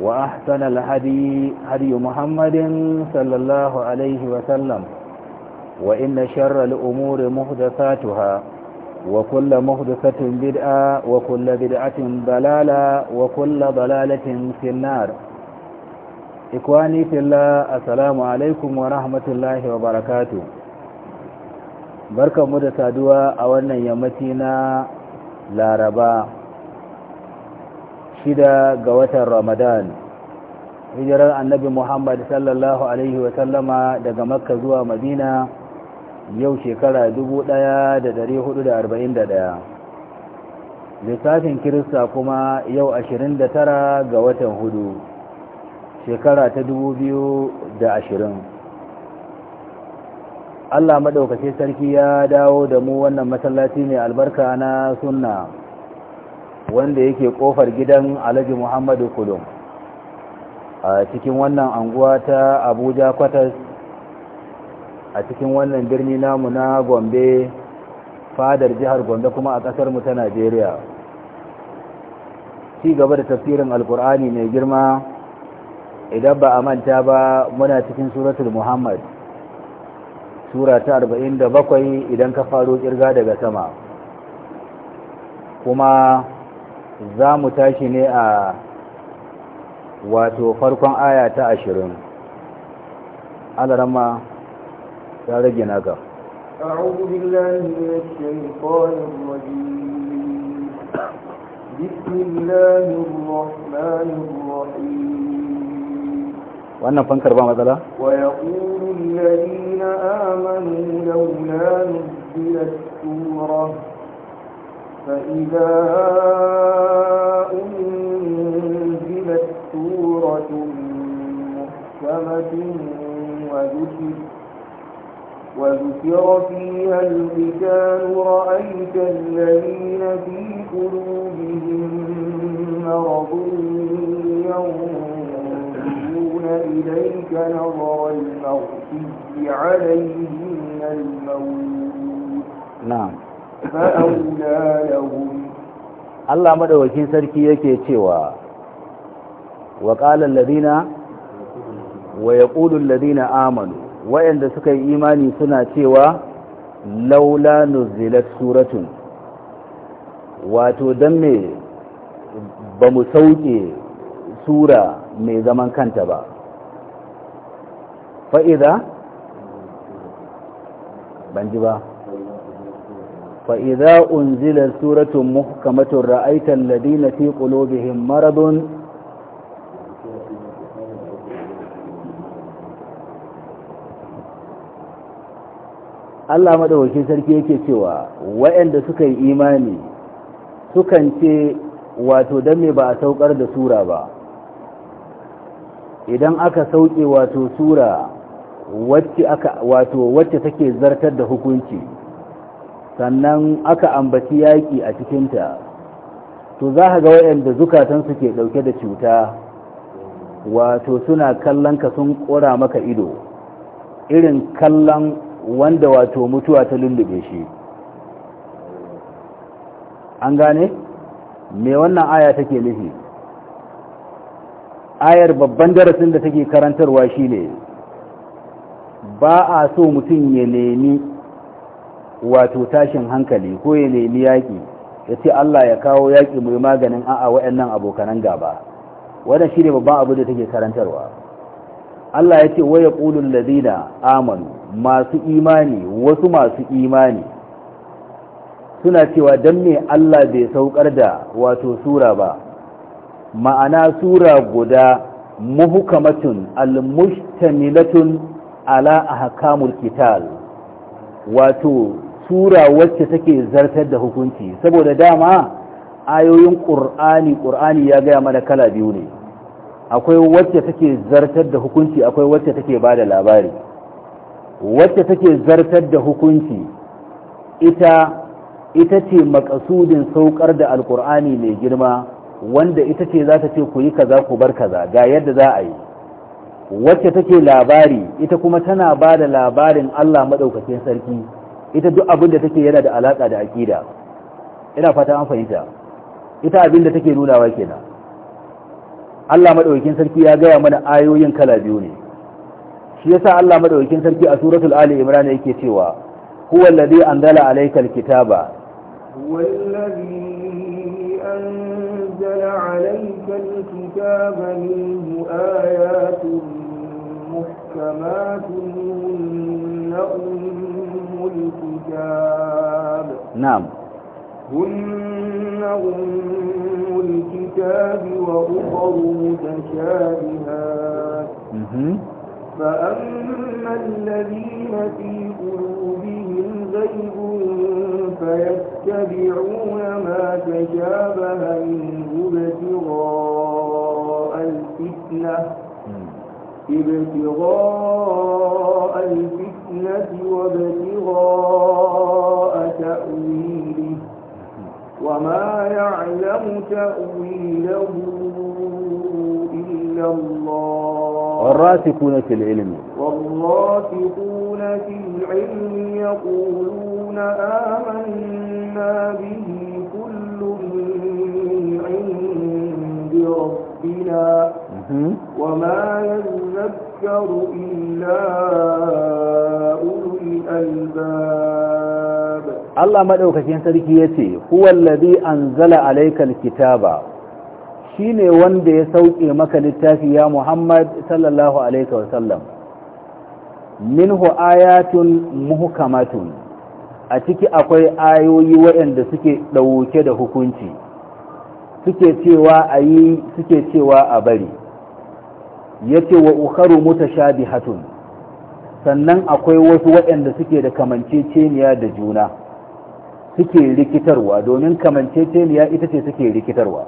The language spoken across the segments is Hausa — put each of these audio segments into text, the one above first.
وأحسن الهدي هدي محمد صلى الله عليه وسلم وإن شر الأمور محدثاتها وكل محدثة بدعة وكل بدعة ضلالة وكل ضلالة في النار إخواني في الله السلام عليكم ورحمة الله وبركاته بركة مدى سادوة أولا يمتنا لاربا shida ga watan ramadan hijirar annabi muhammad sallallahu alaihi wasallama daga makka zuwa madina yau shekara ɗaya. lissafin kirista kuma yau tara ga watan hudu shekara ta da ashirin. Allah maɗaukace sarki ya dawo da mu wannan masallaci ne albarka na sunna wanda yake kofar gidan alhaji muhammadu kulum a cikin wannan anguwa ta abuja kwatas a cikin wannan birni namu na gombe fadar jihar gombe kuma a kasarmu ta najeriya ci gaba da tafsirin alkur'ani mai girma idan ba a manta ba muna cikin suratul muhammad sura ta 47 idan ka faro kirga daga sama kuma za mu tashi ne a wato farkon aya ta ashirin alarama ta rage naga wannan fankar ba matsala? waya ƙuru lalina amanu nufi da tura فإذا أنزلت سورة محكمة وذكر وذكر فيها القتال رأيت الذين في قلوبهم مرض ينظرون إليك نظر المغفر عليهم الموت نعم Allah madawakin sarki yake cewa wa qalan ladina wa yaqulu amanu wayanda suka yi imani suna cewa laula nuzilat suratun wato dan me ba mu sauke sura mai zaman kanta ba fa'ida. ban ji ba فإذا أنزلت سورة محكمة رأيت الذين في قلوبهم مرض Allah madawaki sarki yake cewa waɗanda suka yi imani sukan ce wato don me ba a saukar da sura ba idan aka sauke wato sura wacce aka wato wacce take zartar da hukunci sannan aka ambaci yaƙi a cikinta to za ka ga waɗanda zukatansu ke ɗauke da cuta wato suna kallon ka sun ƙura maka ido irin kallon wanda wato mutuwa ta lullube shi an gane me wannan aya take nufi ayar babban darasin da take karantarwa shi ne. ba a so mutum ya nemi wato tashin hankali ko ya nemi yaƙi ya ce Allah ya kawo yaƙi mai maganin a'a waɗannan abokanan gaba wannan shi babban abu da take karantarwa Allah ya ce waya ƙulun ladina amanu masu imani wasu masu imani suna cewa don me Allah bai saukar da wato sura ba ma'ana sura guda muhukamatun al ala ahkamul kital wato Tura wacce take zartar da hukunci saboda dama ayoyin ƙur'ani ƙur'ani ya gaya mana kala biyu ne akwai wacce take zartar da hukunci akwai wacce take ba da labari wacce take zartar da hukunci ita ita ce makasudin saukar da alƙur'ani mai girma wanda ita ce za ta ce ku yi kaza ku bar kaza ga yadda za a yi wacce take labari ita kuma tana ba da labarin allah maɗaukakin sarki ita duk abin da take yana da alaka da aqida ina fata an fahimta ita abin da take nunawa kenan Allah madaukakin sarki ya gaya mana ayoyin kala biyu ne shi yasa Allah madaukakin sarki a suratul ali imran yake cewa huwal ladhi anzala alaykal kitaba huwa alladhi anzala alaykal kitaba minhu ayatun muhkamatun الكتاب نعم هن أم الكتاب وأخر متشابهات فأما الذين في قلوبهم غيب فيتبعون ما تشابه منه ابتغاء الفتنة ابتغاء الفتنة وابتغاء تأويله وما يعلم تأويله إلا الله والراسخون في العلم والراسخون في العلم يقولون آمنا به كل من عند ربنا Hmm? وما يذكر إلا أولي الألباب الله ما مدوكاكين سركي يتي هو الذي أنزل عليك الكتاب shine wanda ya sauke maka littafi ya Muhammad sallallahu alaihi wa sallam minhu ayatun muhkamatun a ciki akwai ayoyi waɗanda suke dauke da hukunci suke cewa ayi suke cewa a bari yace wa ukharu mutashabihatun sannan akwai wasu waɗanda suke da kamanceceniya da juna suke rikitarwa domin kamanceceniya ita ce suke rikitarwa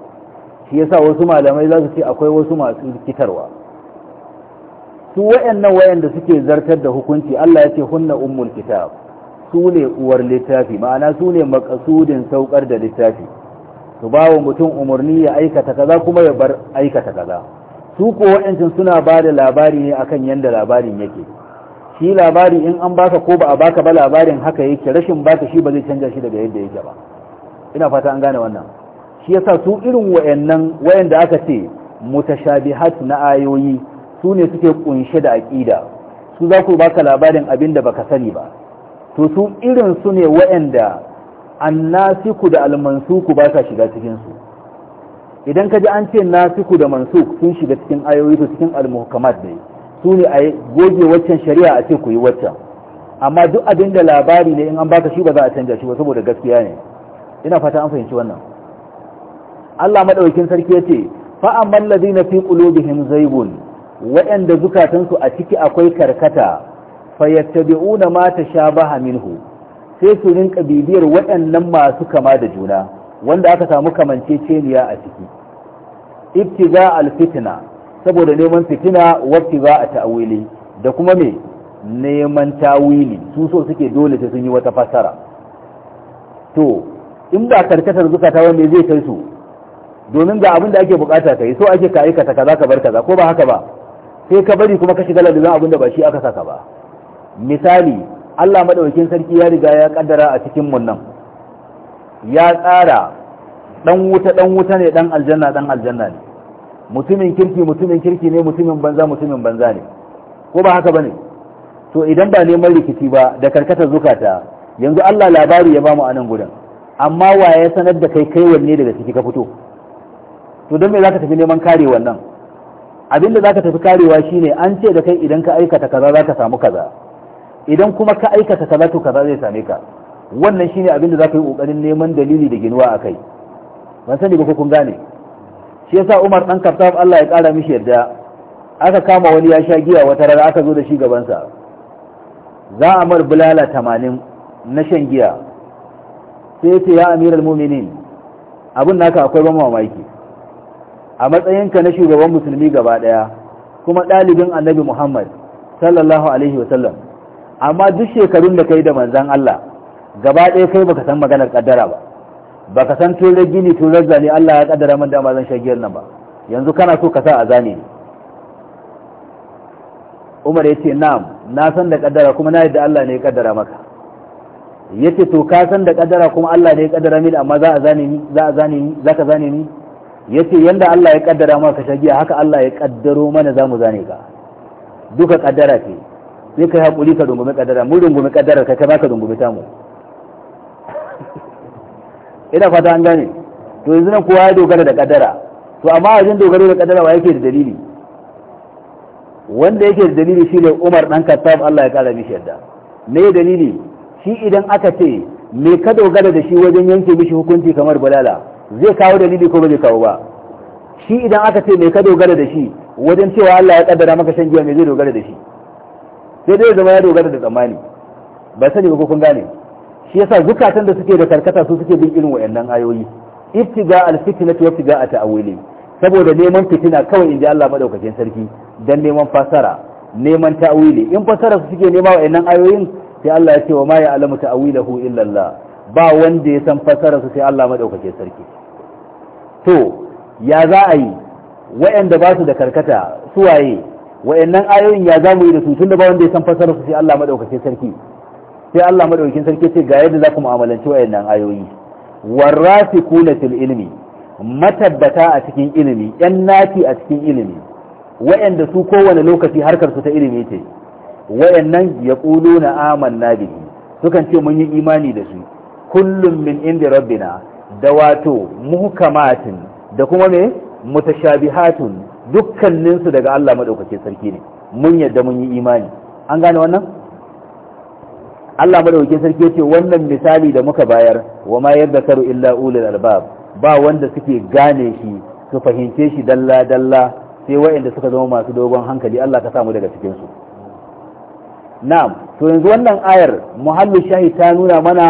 shi yasa wasu malamai za su ce akwai wasu masu rikitarwa su waɗannan waɗanda suke zartar da hukunci Allah ya ce hunna ummul kitab su ne uwar littafi ma'ana su ne makasudin saukar da littafi su ba wa mutum umarni ya aikata kaza kuma ya bar aikata kaza su ko wa'ancin suna ba da labari ne akan yadda labarin yake shi labari in an baka ko ba a baka ba labarin haka yake rashin baka shi ba zai canja shi daga yadda yake ba ina fata an gane wannan shi yasa su irin wa'annan wa'anda aka ce mutashabihat na ayoyi su ne suke kunshe da aqida su za ku baka labarin abinda da baka sani ba to su irin su ne wa'anda annasiku da almansuku ba ka shiga cikin su idan ka ji an ce nasiku da mansuk sun shiga cikin ayoyi to cikin al ne su ne a goge waccan shari'a a ce ku yi waccan amma duk abin da labari ne in an baka shi ba za a canja shi ba saboda gaskiya ne ina fata an fahimci wannan Allah madaukakin sarki yace fa amman ladina fi qulubihim Zaybun wa'anda zukatansu a ciki akwai karkata fayattabi'una ma tashabaha minhu sai su rinka bibiyar waɗannan masu kama da juna wanda aka samu kamance kamanceceniya a ciki ibtiga alfitna saboda neman fitina wabtiga a ta'awili da kuma me neman tawili su so suke dole sai sun yi wata fasara to in ba karkatar ta wanda zai kai su domin ga abin da ake bukata kai so ake ka aikata kaza ka bar kaza ko ba haka ba sai ka bari kuma ka shiga lalurin abin da ba shi aka saka ba misali Allah madaukakin sarki ya riga ya kaddara a cikin mun nan ya tsara dan wuta dan wuta ne dan aljanna dan aljanna ne mutumin kirki mutumin kirki ne mutumin banza mutumin banza ne ko ba haka bane to idan ba neman rikici ba da karkatar zukata yanzu Allah labari ya ba bamu anan gudan amma waye sanar da kai kai wanne daga ciki ka fito to don me zaka tafi neman kare wannan abinda zaka tafi karewa shine an ce da kai idan ka aikata kaza zaka samu kaza idan kuma ka aikata kaza to kaza zai same ka wannan shine abin da zaka yi kokarin neman dalili da ginuwa akai ban sani ba ko kun gane shi yasa Umar dan Khattab Allah ya kara mishi yarda aka kama wani ya sha giya wata rana aka zo da shi gaban sa za a mar bulala 80 na shan giya sai ce ya amiral mu'minin abin naka akwai ban mamaki a matsayinka na shugaban musulmi gaba daya kuma dalibin annabi Muhammad sallallahu alaihi wasallam amma duk shekarun da kai da manzon Allah gaba ɗaya kai baka san maganar kaddara ba baka san turar gini turar zane Allah ya kaddara man dama zan shagiyar nan ba yanzu kana so ka sa a zane ne Umar ya ce na'am na san da kaddara kuma na yadda Allah ne ya kaddara maka yace to ka san da kaddara kuma Allah ne ya kaddara mini amma za a zane ni za a zane ni za ka zane ni yace yanda Allah ya kaddara maka shagiya haka Allah ya kaddaro mana za mu zane ka duka kaddara ce sai kai hakuri ka dungume kaddara mu dungume kaddara kai ka ba ka dungume ta mu ina fata an gane to yanzu nan kowa ya dogara da kadara to amma wajen dogaro da kadara wa yake da dalili wanda yake da dalili shine Umar dan Khattab Allah ya kara mishi yarda me dalili shi idan aka ce me ka dogara da shi wajen yanke mishi hukunci kamar bulala zai kawo dalili ko bai kawo ba shi idan aka ce me ka dogara da shi wajen cewa Allah ya kaddara maka shan giya me zai dogara da shi sai dai zama ya dogara da tsammani ba sani ba ko kun gane shi yasa zukatan da suke da karkata su suke bin irin wayannan ayoyi ibtiga alfitna wa ibtiga a saboda neman fitina kawai inji Allah madaukakin sarki dan neman fasara neman ta'wili in fasara su suke nema wayannan ayoyin sai Allah ya ce wa ma ya'lamu ta'wilahu illa Allah ba wanda ya san fasara su sai Allah madaukakin sarki to ya za a yi wayanda ba su da karkata su waye wayannan ayoyin ya za mu yi da su tunda ba wanda ya san fasara su sai Allah madaukakin sarki sai Allah madaukakin sarki ce ga yadda za ku mu'amalanci wayannan ayoyi warasikuna fil ilmi matabbata a cikin ilimi yan nafi a cikin ilimi wayanda su kowane lokaci harkar su ta ilimi ce wayannan yaquluna amanna bihi sukan ce mun yi imani da su kullum min inda rabbina da wato muhkamatin da kuma me mutashabihatun dukkaninsu daga Allah madaukakin sarki ne mun yadda mun yi imani an gane wannan Allah madaukakin sarki ce wannan misali da muka bayar wa ma karu illa ulul albab ba wanda suke gane shi su fahimce shi dalla dalla sai wa'inda suka zama masu dogon hankali Allah ka samu daga cikin su na'am to yanzu wannan ayar muhallu shahi ta nuna mana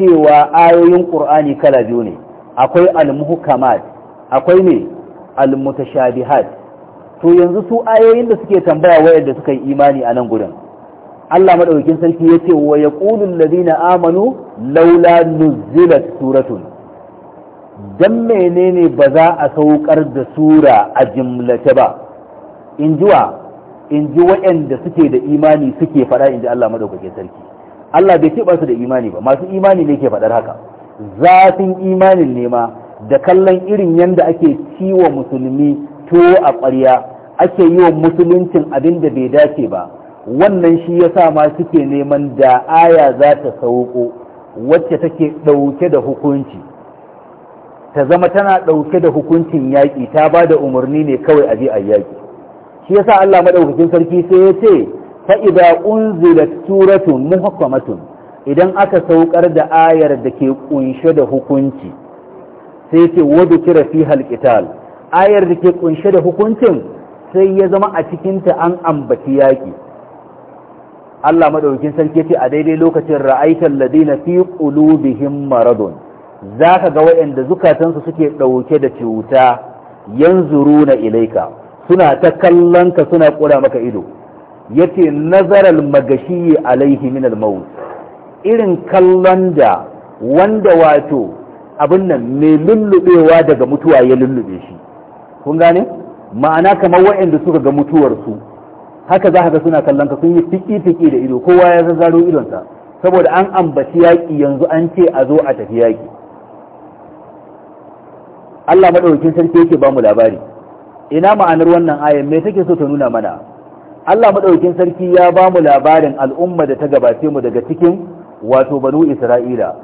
cewa ayoyin qur'ani kala biyu ne akwai al-muhkamat akwai ne al-mutashabihat to yanzu su ayoyin da suke tambaya wa'inda suka yi imani a nan gurin Allah madaukin sarki yace wa yaqulu alladhina amanu laula nuzilat suratun dan menene ba za a saukar da sura a jimlace ba in jiwa in ji waɗanda suke da imani suke faɗa in ji Allah madaukakin sarki Allah bai ce ba su da imani ba masu imani ne ke faɗar haka zafin imanin ne ma da kallon irin yanda ake ciwo musulmi to a ƙwarya ake yi wa musuluncin abinda bai dace ba wannan shi ya sa ma suke neman da aya za ta sauko wacce take ɗauke da hukunci ta zama tana ɗauke da hukuncin yaƙi ta ba da umarni ne kawai a a yaƙi shi ya sa Allah maɗaukakin sarki sai ya ce fa'ida da turatun muhakkamatun idan aka saukar da ayar da ke ƙunshe da hukunci sai ce wadda kira fi halƙital ayar da ke ƙunshe da hukuncin sai ya zama a cikinta an ambaci yaƙi Allah madaukakin sarki ce a daidai lokacin ra'aital ladina fi qulubihim maradun zaka ga waɗanda su suke dauke da cuta yanzuruna ilaika suna ta kallon ka suna kura maka ido yace nazaral magashi alaihi min al maut irin kallon da wanda wato abin nan mai lullubewa daga mutuwa ya lullube shi kun gane ma'ana kamar waɗanda suka ga mutuwarsu haka za ga suna kallon ka sun yi fiki fiki da ido kowa ya zazzaro idonsa saboda an ambaci yaƙi yanzu an ce a zo a tafi yaƙi Allah madaukakin sarki yake ba mu labari ina ma'anar wannan ayan me take so ta nuna mana Allah madaukakin sarki ya ba mu labarin al'umma da ta gabace mu daga cikin wato banu Isra'ila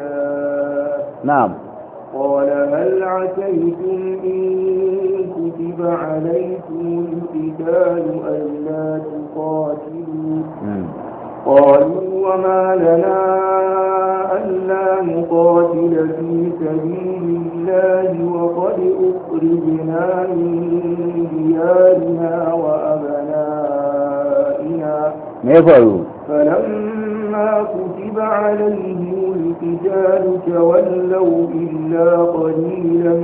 الله نعم قال هل عسيتم إن كتب عليكم القتال ألا تقاتلوا قالوا وما لنا ألا نقاتل في سبيل الله وقد أخرجنا من ديارنا وأبنائنا فلما كتب كتب عليهم القتال تولوا إلا قليلا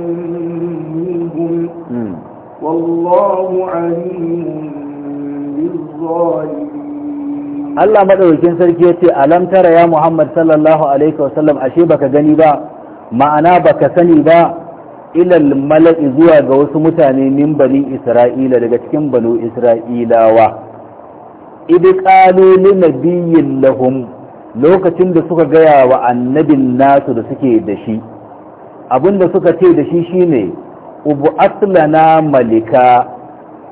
منهم والله عليم بالظالمين Allah madaukakin sarki ya ce alam tara ya Muhammad sallallahu alaihi wasallam ashe baka gani ba ma'ana baka sani ba ilal mala'i zuwa ga wasu mutane min bani isra'ila daga cikin banu isra'ilawa idi qalu li nabiyyin lahum lokacin da suka gaya wa annabin nasu da suke da shi abinda suka ce da shi shine ubu aslana malika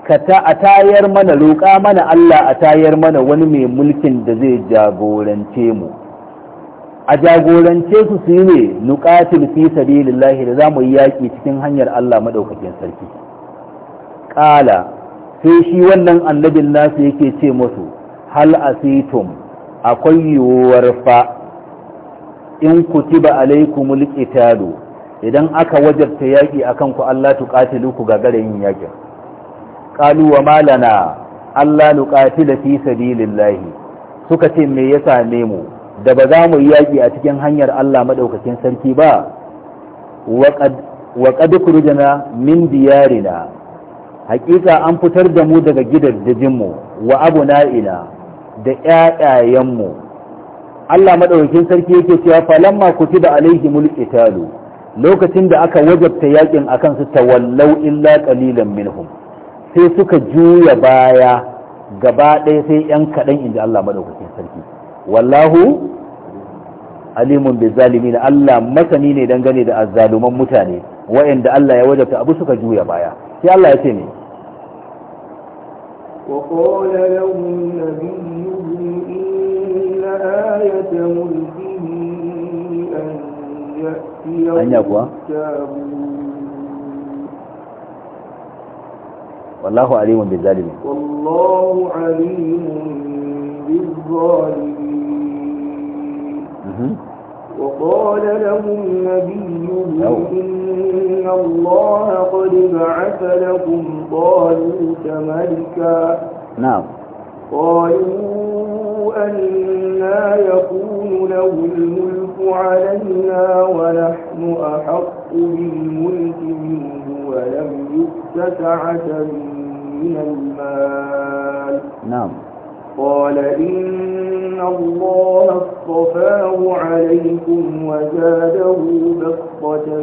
ka ta a tayar mana roƙa mana Allah a tayar mana wani mai mulkin da zai jagorance mu a jagorance su su ne nukatil fi sabilillahi da mu yi yaƙi cikin hanyar Allah maɗaukakin sarki Ƙala, sai shi wannan annabin nasu yake ce masu, hal asitum akwai yiwuwar fa in kutiba alaikumul qitalu idan aka wajabta yaki akan ku Allah tuqatilu ku gagara yin yaƙin. qalu wa malana Allah nuqatila fi sabilillah suka ce me ya same mu da ba za mu yi yaƙi a cikin hanyar Allah madaukakin sarki ba wa qad kurjana min diyarina hakika an fitar da mu daga gidan mu wa abuna ila da ƴaƴayenmu Allah madaukakin sarki yake cewa falamma alaihi mulki qitalu lokacin da aka wajabta yakin akan su tawallau illa qalilan minhum sai suka juya baya gaba ɗaya sai yan kaɗan inda Allah madaukakin sarki wallahu alimun bi zalimin Allah masani ne dangane da azzaluman mutane wa'anda Allah ya wajabta abu suka juya baya sai Allah ya ce ne وقال لهم النبي آية ملكه أن يأتيه والله عليم بالظالمين والله عليم بالظالمين وقال لهم نبيهم إن الله قد بعث لكم طالوت ملكا نعم قالوا أنا يكون له الملك علينا ونحن أحق بالملك منه ولم يؤت سعة من المال نعم قال إن الله اصطفاه عليكم وزاده بسطة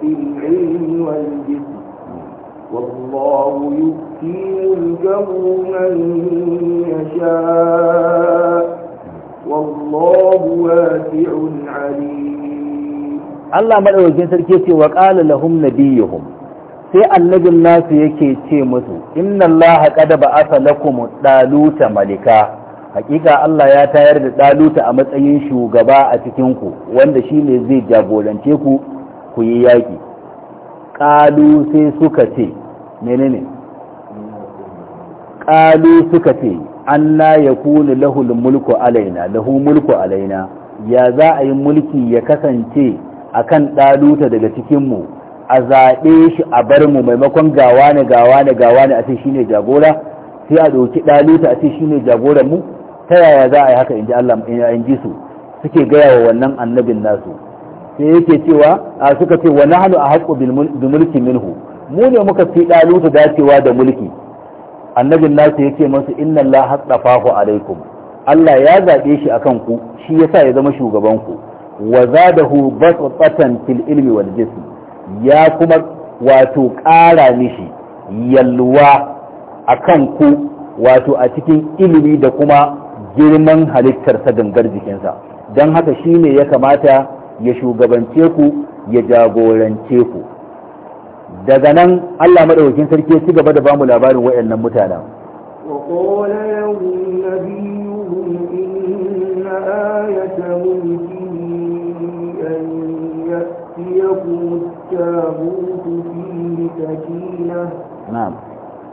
في العلم والجسم والله يؤتي ملكه من يشاء والله واسع عليم الله مدعوكين سركيتي وقال لهم نبيهم sai annabin nasu yake ce musu inna allaha qad ba'atha lakum daluta malika hakika Allah ya tayar da daluta a matsayin shugaba a cikin ku wanda shine zai jagorance ku ku yi yaki qalu sai suka ce menene qalu suka ce anna yakunu lahul mulku alaina lahu mulku alaina ya za a yi mulki ya kasance a kan daluta daga cikin mu a zaɓe shi a bar mu maimakon gawa ne gawa ne gawa ne a ce shine jagora sai a ɗauki daluta a ce shine jagoran mu ta yaya za a yi haka inji Allah in ji su suke gaya wa wannan annabin nasu sai yake cewa a suka ce wa nahnu haƙƙo bil mulki minhu mu ne muka fi ɗalutu dacewa da mulki annabin nasu ya ce masu inna Allah haɗafahu alaikum Allah ya zaɓe shi akan ku shi yasa ya zama shugaban ku wa zadahu basatan fil ilmi wal jism ya kuma wato ƙara mishi yalwa akan ku wato a cikin ilimi da kuma girman halittarsa gangar jikinsa don haka shi ne ya kamata ya shugabance ku ya jagorance ku daga nan Allah madaukakin sarki ya ci gaba da bamu labarin wayannan mutanen wa qala lahum nabiyuhum ya ayata mulki an ya'tiyakum at-tabut fihi sakina na'am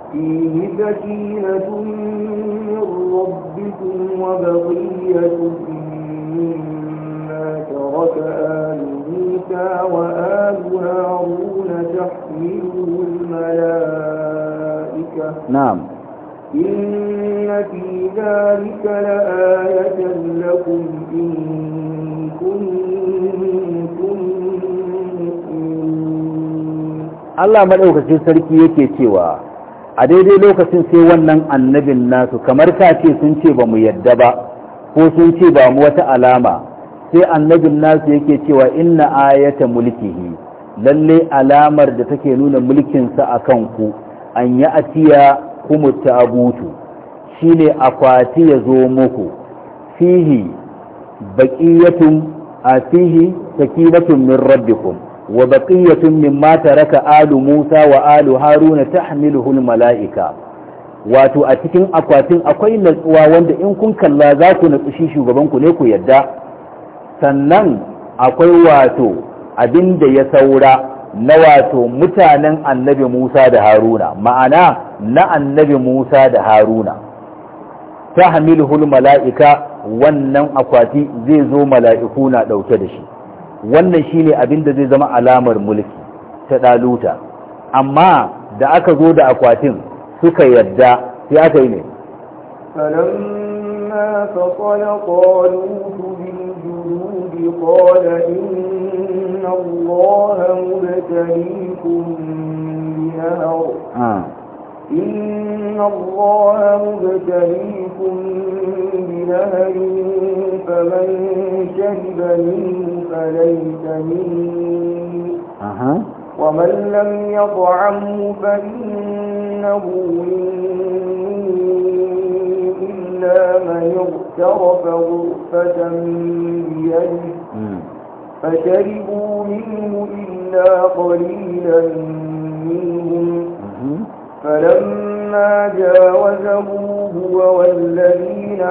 فيه سكينة من ربكم وبقية مما ترك آل موسى Allah هارون تحمله الملائكة نعم إن في ذلك لآية لكم إن كنتم a daidai lokacin sai wannan annabin nasu kamar ka ce sun ce ba mu yadda ba ko sun ce ba mu wata alama sai annabin nasu yake cewa inna ayata mulkihi lalle alamar da take nuna mulkinsa a kanku an yi atiya kuma tabutu shine akwati ya zo muku fihi baqiyatun a fihi sakinatun min rabbikum wa baqiyatun mimma raka alu musa wa alu haruna tahmiluhu al mala'ika wato a cikin akwatin akwai natsuwa wanda in kun kalla za ku natsu shi shugaban ku ne ku yadda sannan akwai wato abin da ya saura na wato mutanen annabi Musa da Haruna ma'ana na annabi Musa da Haruna ta hamiluhul mala'ika wannan akwati zai zo mala'iku na ɗauke da shi wannan shine abin da zai zama alamar mulki ta ɗaluta amma da aka zo da akwatin suka yadda sai aka yi ne فلما فصل طالوت بالجنود قال إن الله مبتليكم بنهر آه. إن الله مبتليكم بنهر فمن شرب منه فليس مني ومن لم يطعمه فإنه مني إلا من اغترف غرفة بيده فشربوا منه إلا قليلا منهم فلما جاوزه هو والذين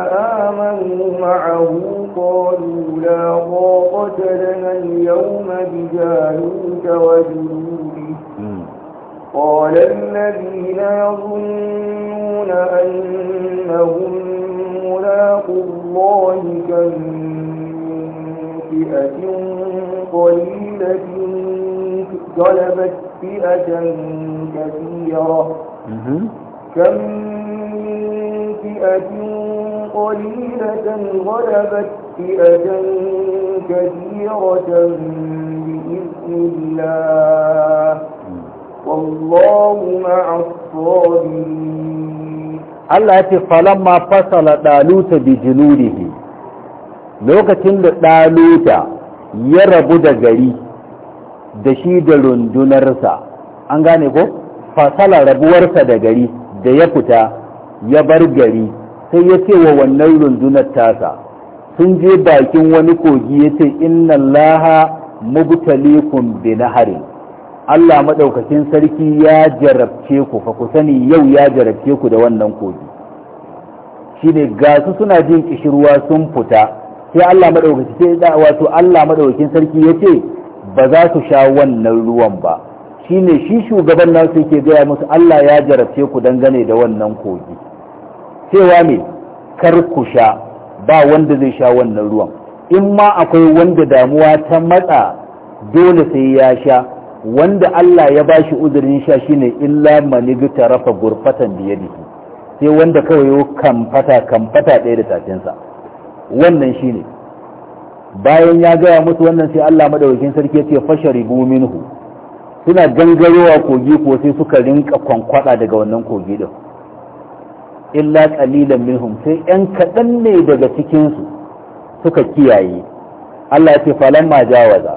آمنوا معه قالوا لا طاقة لنا اليوم بجالوت وجنود قال الذين يظنون أنهم ملاقوا الله كم فئة قليلة غلبت فئة كثيرة كم فئة قليلة غلبت فئة كثيرة بإذن الله والله مع الصابرين الله يتي فلما فصل دالوت بجنوده lokacin da ɗaluta ya rabu da gari da shi da rundunarsa an gane ko fasala rabuwarsa da gari da ya fita ya bar gari sai ya ce wa wannan rundunar tasa sun je bakin wani kogi ya ce inna laha mubtalikum bi naharin Allah maɗaukakin sarki ya jarabce ku fa ku sani yau ya jarabce ku da wannan kogi shi ne ga su suna jin kishirwa sun fita sai Allah maɗaukakin sai wato Allah maɗaukakin sarki ya ce ba za su sha wannan ruwan ba shi ne shi shugaban nasu yake gaya musu Allah ya jarabce ku dangane da wannan kogi cewa ne kar ku sha ba wanda zai sha wannan ruwan in ma akwai wanda damuwa ta matsa dole sai ya sha wanda Allah ya ba shi uzurin sha shine illa manigta rafa gurfatan biyadihi sai wanda kawai yo kamfata kamfata ɗaya da tafinsa wannan shine bayan ya gaya musu wannan sai Allah madaukakin sarki ya ce rigu minhu suna gangarowa kogi ko sai suka rinka kwankwada daga wannan kogi ɗin illa ƙalilan minhum sai yan kaɗan ne daga cikinsu suka kiyaye Allah ya ce falamma jawaza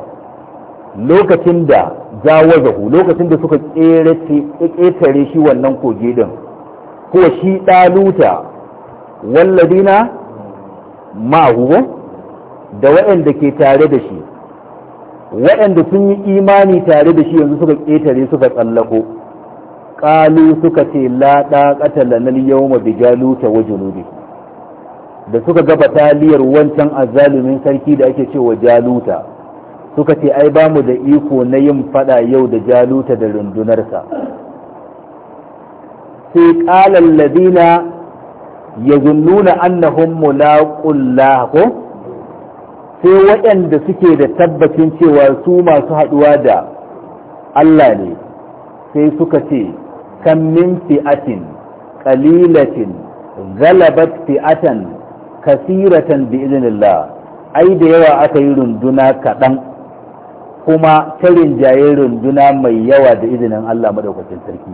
lokacin da jawazahu lokacin da suka ƙetare shi wannan kogi din kuwa shi ɗaluta walladina ma'ahu da waɗanda ke tare da shi waɗanda sun yi imani tare da shi yanzu suka ƙetare suka tsallako ƙalu suka ce laɗa ƙatalanar yau mabi jaluta wa junubi da suka gaba taliyar wancan azalumin sarki da ake cewa jaluta suka ce ai ba mu da iko na yin fada yau da jaluta da rundunarsa sai ƙalar ladina ya zunnuna annahun mulaƙullah ko sai waɗanda suke da tabbacin cewa su masu haɗuwa da Allah ne sai suka ce kan min fi'atin ƙalilatin galabat fi'atan kasiratan bi iznillah ai da yawa aka yi runduna kaɗan kuma karin rinjaye runduna mai yawa da izinin Allah madaukakin sarki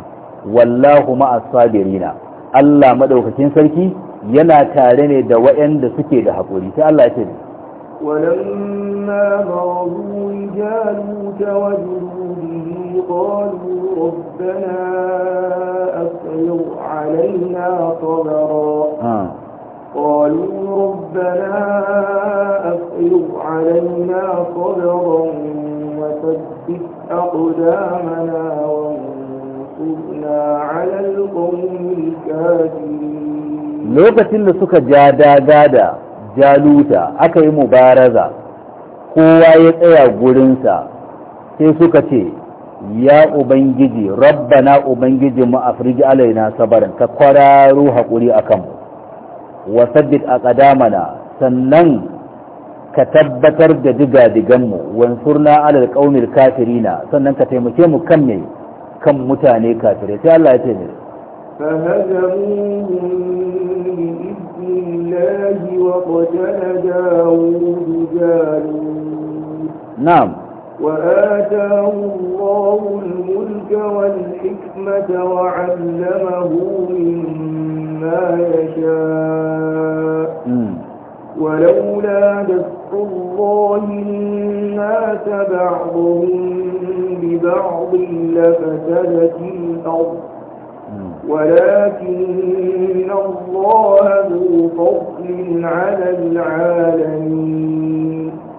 wallahu ma'as sabirina Allah madaukakin sarki yana tare ne da waɗanda suke da haƙuri sai Allah ya ce ولما مرضوا لجالوت وجنوده قالوا ربنا أفرغ علينا صبرا آه. قالوا ربنا أفرغ علينا صبرا وثبت أقدامنا وانصرنا على القوم الكافرين لوكتين لسوك جادا جادا جالوتا أكي مبارزة kowa ya tsaya gurinsa sai suka ce ya ubangiji rabbana ubangiji mu afriji alaina sabarin ka kwararo haƙuri a kanmu wasabbit a ƙadamana sannan ka tabbatar da diga-diganmu wansurna ala alqaumil kafirina sannan ka taimake mu kan me kan mutane kafire sai Allah ya taimake فهزموهم نعم وآتاه الله الملك والحكمة وعلمه مما يشاء ولولا دفع الله الناس بعضهم ببعض لفسدت الأرض ولكن الله ذو فضل على العالمين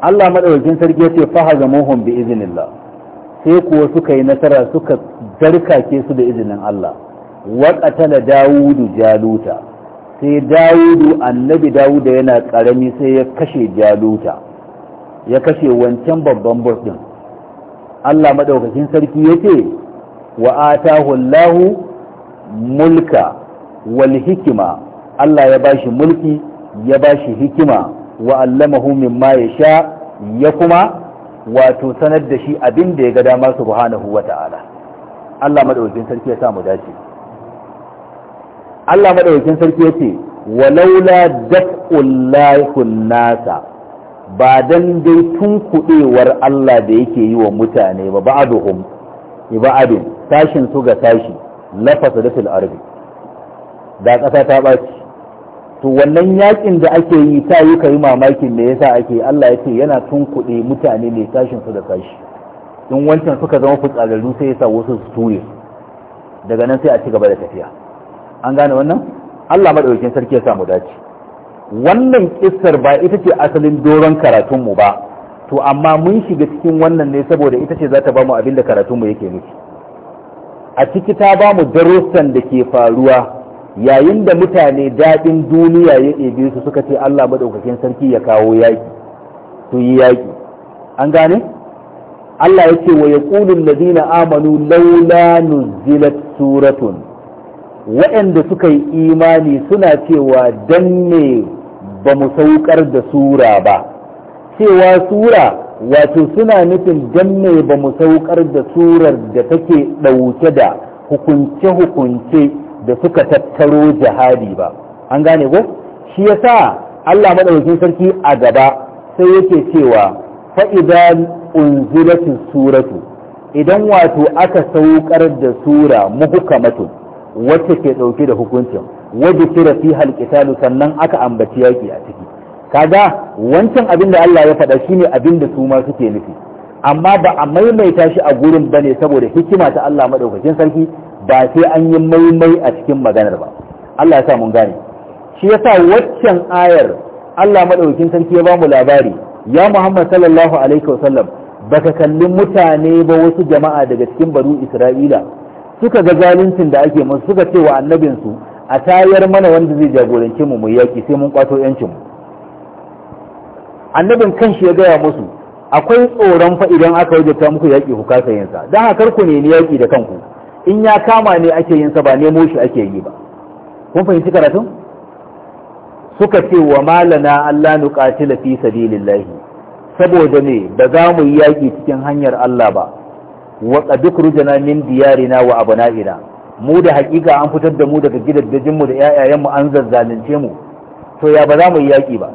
Allah madaukakin sarki ya ce muhum bi iznillah sai kuwa suka yi nasara suka darkake su da izinin Allah wa qatala dawudu jaluta sai dawudu annabi dawuda yana karami sai ya kashe jaluta ya kashe wancan babban burdin allah maɗaukakin sarki ya ce wa atahu allahu mulka wal hikima allah ya bashi mulki ya ba shi hikima wa allamahu mimma ya sha ya kuma wato sanar da shi abin da ya ga dama subhanahu wa ta'ala allah maɗaukakin sarki ya sa mu dace Allah madaukakin sarki yace walaula daf'ullahi nasa ba dan dai tunkuɗewar Allah da yake yi wa mutane ba ba'aduhum ibadin tashin su ga tashi lafasa da ardi da ƙasa ta ɓaci. to wannan yakin da ake yi ta yi yi mamakin me yasa ake Allah ya ce yana tunkuɗe mutane ne tashin su da tashi in wancan suka zama fitsararru sai ya sa wasu su ture daga nan sai a ci gaba da tafiya an gane wannan Allah madaukakin sarki ya samu dace wannan kissar ba ita ce asalin doron karatun mu ba to amma mun shiga cikin wannan ne saboda ita ce za ta ba mu abin da karatun mu yake nufi a ciki ta ba darussan da ke faruwa yayin da mutane daɗin duniya ya ɗebe su suka ce Allah madaukakin sarki ya kawo yaƙi to yi yaki an gane Allah ya ce wa yaqulul ladina amanu laula nuzilat suratun waɗanda suka yi imani suna cewa dan ne ba mu saukar da sura ba cewa sura wato suna nufin dan ne ba mu saukar da surar da take ɗauke da hukunce-hukunce da suka tattaro jihadi ba an gane ko shi ya sa Allah maɗaukin sarki a gaba sai yake cewa fa'idan unzilatin suratu idan wato aka saukar da sura muhukamatun wacce ke ɗauke da hukuncin wadda kira fi halƙitalu sannan aka ambaci yaƙi a ciki kaga wancan abin da Allah ya faɗa shine abin da su ma suke nufi amma ba a maimaita shi a gurin ba ne saboda hikima ta Allah maɗaukakin sarki ba sai an yi maimai a cikin maganar ba Allah ya sa mun gane shi yasa waccan ayar Allah maɗaukakin sarki ya bamu labari ya Muhammad sallallahu alaihi wasallam baka kalli mutane ba wasu jama'a daga cikin banu Isra'ila suka ga zaluncin da ake musu suka ce wa annabinsu a tayar mana wanda zai jagorance mu mu yaki sai mun kwato yancin mu annabin kanshi ya gaya musu akwai tsoron fa idan aka ta muku yaki ku kasa yin sa dan haka ku ne ni yaki da kanku in ya kama ne ake yin sa ba nemo shi ake yi ba kun fahimci karatun suka ce wa malana Allah qatila fi sabilillahi saboda ne ba za mu yi yaki cikin hanyar Allah ba wa duk ukhrujna min diyarina wa bana'ida, mu da haƙiƙa an fitar da mu daga gidajenmu mu da yayayen mu an zazzalince mu to ya ba za mu yi yaki ba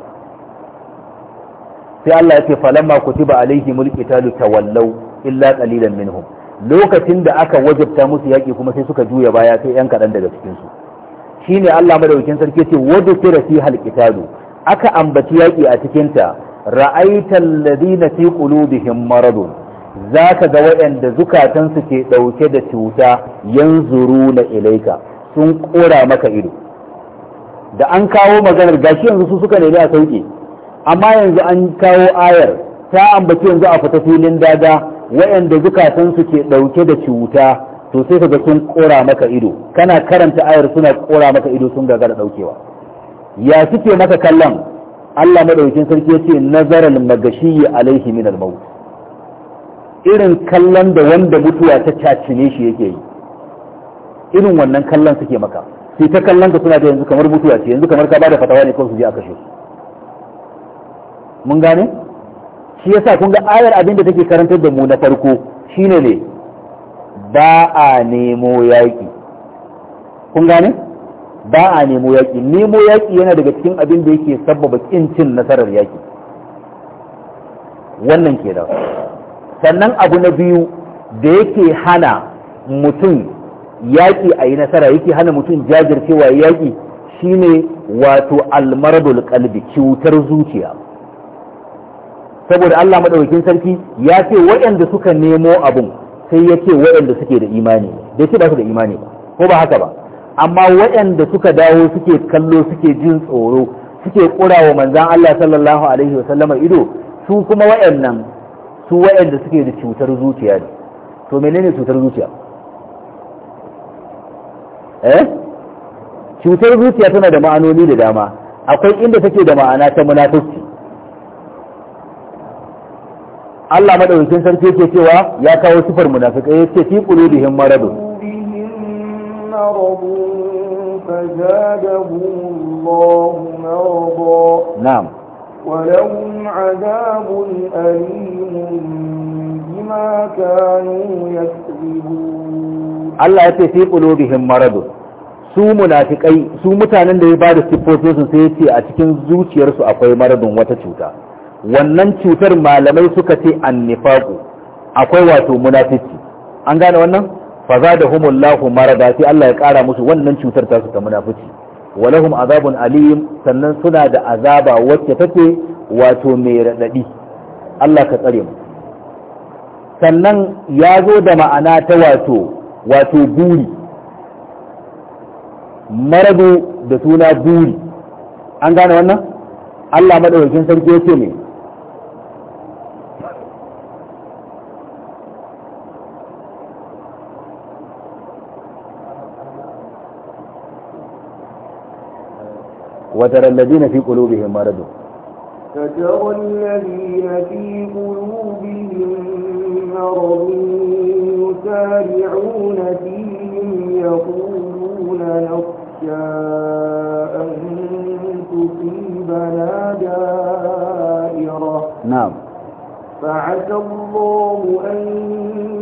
sai Allah ya ce falamma kutiba alaihi ta wallau illa qalilan minhum lokacin da aka wajabta musu yaƙi kuma sai suka juya baya sai yan kadan daga cikin su shine Allah madaukakin sarki ce wadukira fi halqitalu aka ambaci yaki a cikin ta ra'aital ladina fi qulubihim maradun za ka ga waɗanda zukatansu ke ɗauke da cuta zuru na ilaika sun ƙora maka ido da an kawo maganar gashi yanzu su suka nemi a sauƙi amma yanzu an kawo ayar ta ambaci yanzu a fita filin daga waɗanda zukatansu ke ɗauke da cuta to sai ka ga sun ƙora maka ido kana karanta ayar suna ƙora maka ido sun gagara ɗaukewa ya suke maka kallon Allah maɗaukin sarki ya ce nazaral magashi alaihi min al-maut irin kallon da wanda mutuwa ta cacine shi yake yi irin wannan kallon suke maka sai ta kallon ka suna da yanzu kamar mutuwa ce yanzu kamar ka bada fatawa ne kawai su je a kashe mun gane shi yasa kun ga ayar abin da take karantar da mu na farko shine ne ba a nemo yaƙi kun gane ba a nemo yaƙi nemo yaƙi yana daga cikin abin da yake sabbaba kincin cin nasarar yaƙi wannan ke da sannan abu na biyu da yake hana mutum yaƙi a yi nasara yake hana mutum jajircewa yaƙi shine wato almarbul kalbi cutar zuciya saboda Allah maɗaukin sarki ya ce waɗanda suka nemo abun sai ya ce waɗanda suke da imani da ce ba su da imani ba ko ba haka ba amma waɗanda suka dawo suke kallo suke jin tsoro suke ƙura wa manzan Allah sallallahu alaihi wasallama ido su kuma waɗannan su waɗanda suke da cutar zuciya ne to menene cutar zuciya eh cutar zuciya tana da ma'anoni da dama akwai inda take da ma'ana ta munafiki Allah madaukakin sarki yake cewa ya kawo sifar munafikai yace fi qulubihim maradun فزادهم الله مرضا نعم ولهم عذاب أليم بما كانوا يكذبون الله يتي في قلوبهم مرض su munafikai su mutanen da ya ba da siffofinsu sai ce a cikin zuciyarsu akwai maradin wata cuta wannan cutar malamai suka ce annifaku akwai wato munafici an gane wannan fa za da humullahu marada sai Allah ya kara musu wannan cutar tasu ta munafici walahum azabun alim sannan suna da azaba wacce take wato mai raɗaɗi Allah ka tsare mu sannan ya zo da ma'ana ta wato wato buri maradu da suna buri an gane wannan Allah madaukakin sarki ya ce ne وترى الذين في قلوبهم مرض فترى الذين في قلوبهم مرض يسارعون فيهم يقولون نخشى أن تصيبنا دائرة نعم فعسى الله أن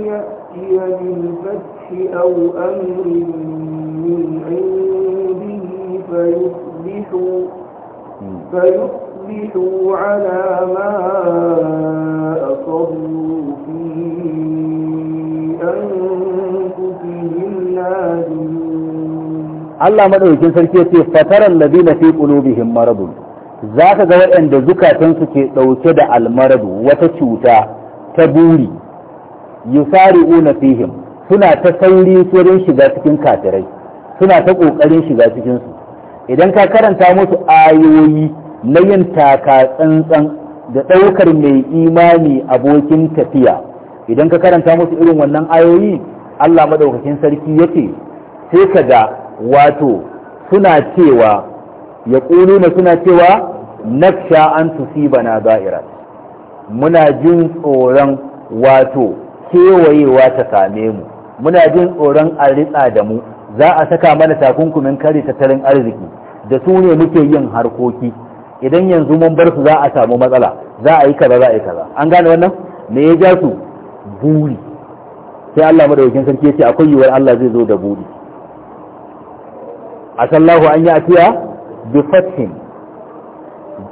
يأتي بالفتح أو أمر من عنده فيصبح فيفسدوا فيصبحوا على ما أصروا في أنفسهم نادمين الله مدعوكين سركيتي فترى الذين في قلوبهم مرض za ka ga waɗanda zukatansu ke ɗauke da almaradu wata cuta ta buri yusari'una fihim suna ta sauri wurin shiga cikin kafirai suna ta ƙoƙarin shiga cikinsu idan ka karanta musu ayoyi na yin taka tsantsan da ɗaukar mai imani abokin tafiya idan ka karanta musu irin wannan ayoyi Allah maɗaukakin sarki yake sai ka ga wato suna cewa ya na suna cewa na nafsha an bana za'ira muna jin tsoron wato kewayewa ta same mu muna jin tsoron a da mu za a saka mana takunkumin kare tattalin arziki da su ne muke yin harkoki idan yanzu mun bar su za a samu matsala za a yi kaza za a yi kaza an gane wannan me ya ja su buri sai Allah madaukakin sarki ya ce akwai yiwuwar Allah zai zo da buri asallahu an yi afiya bi fathin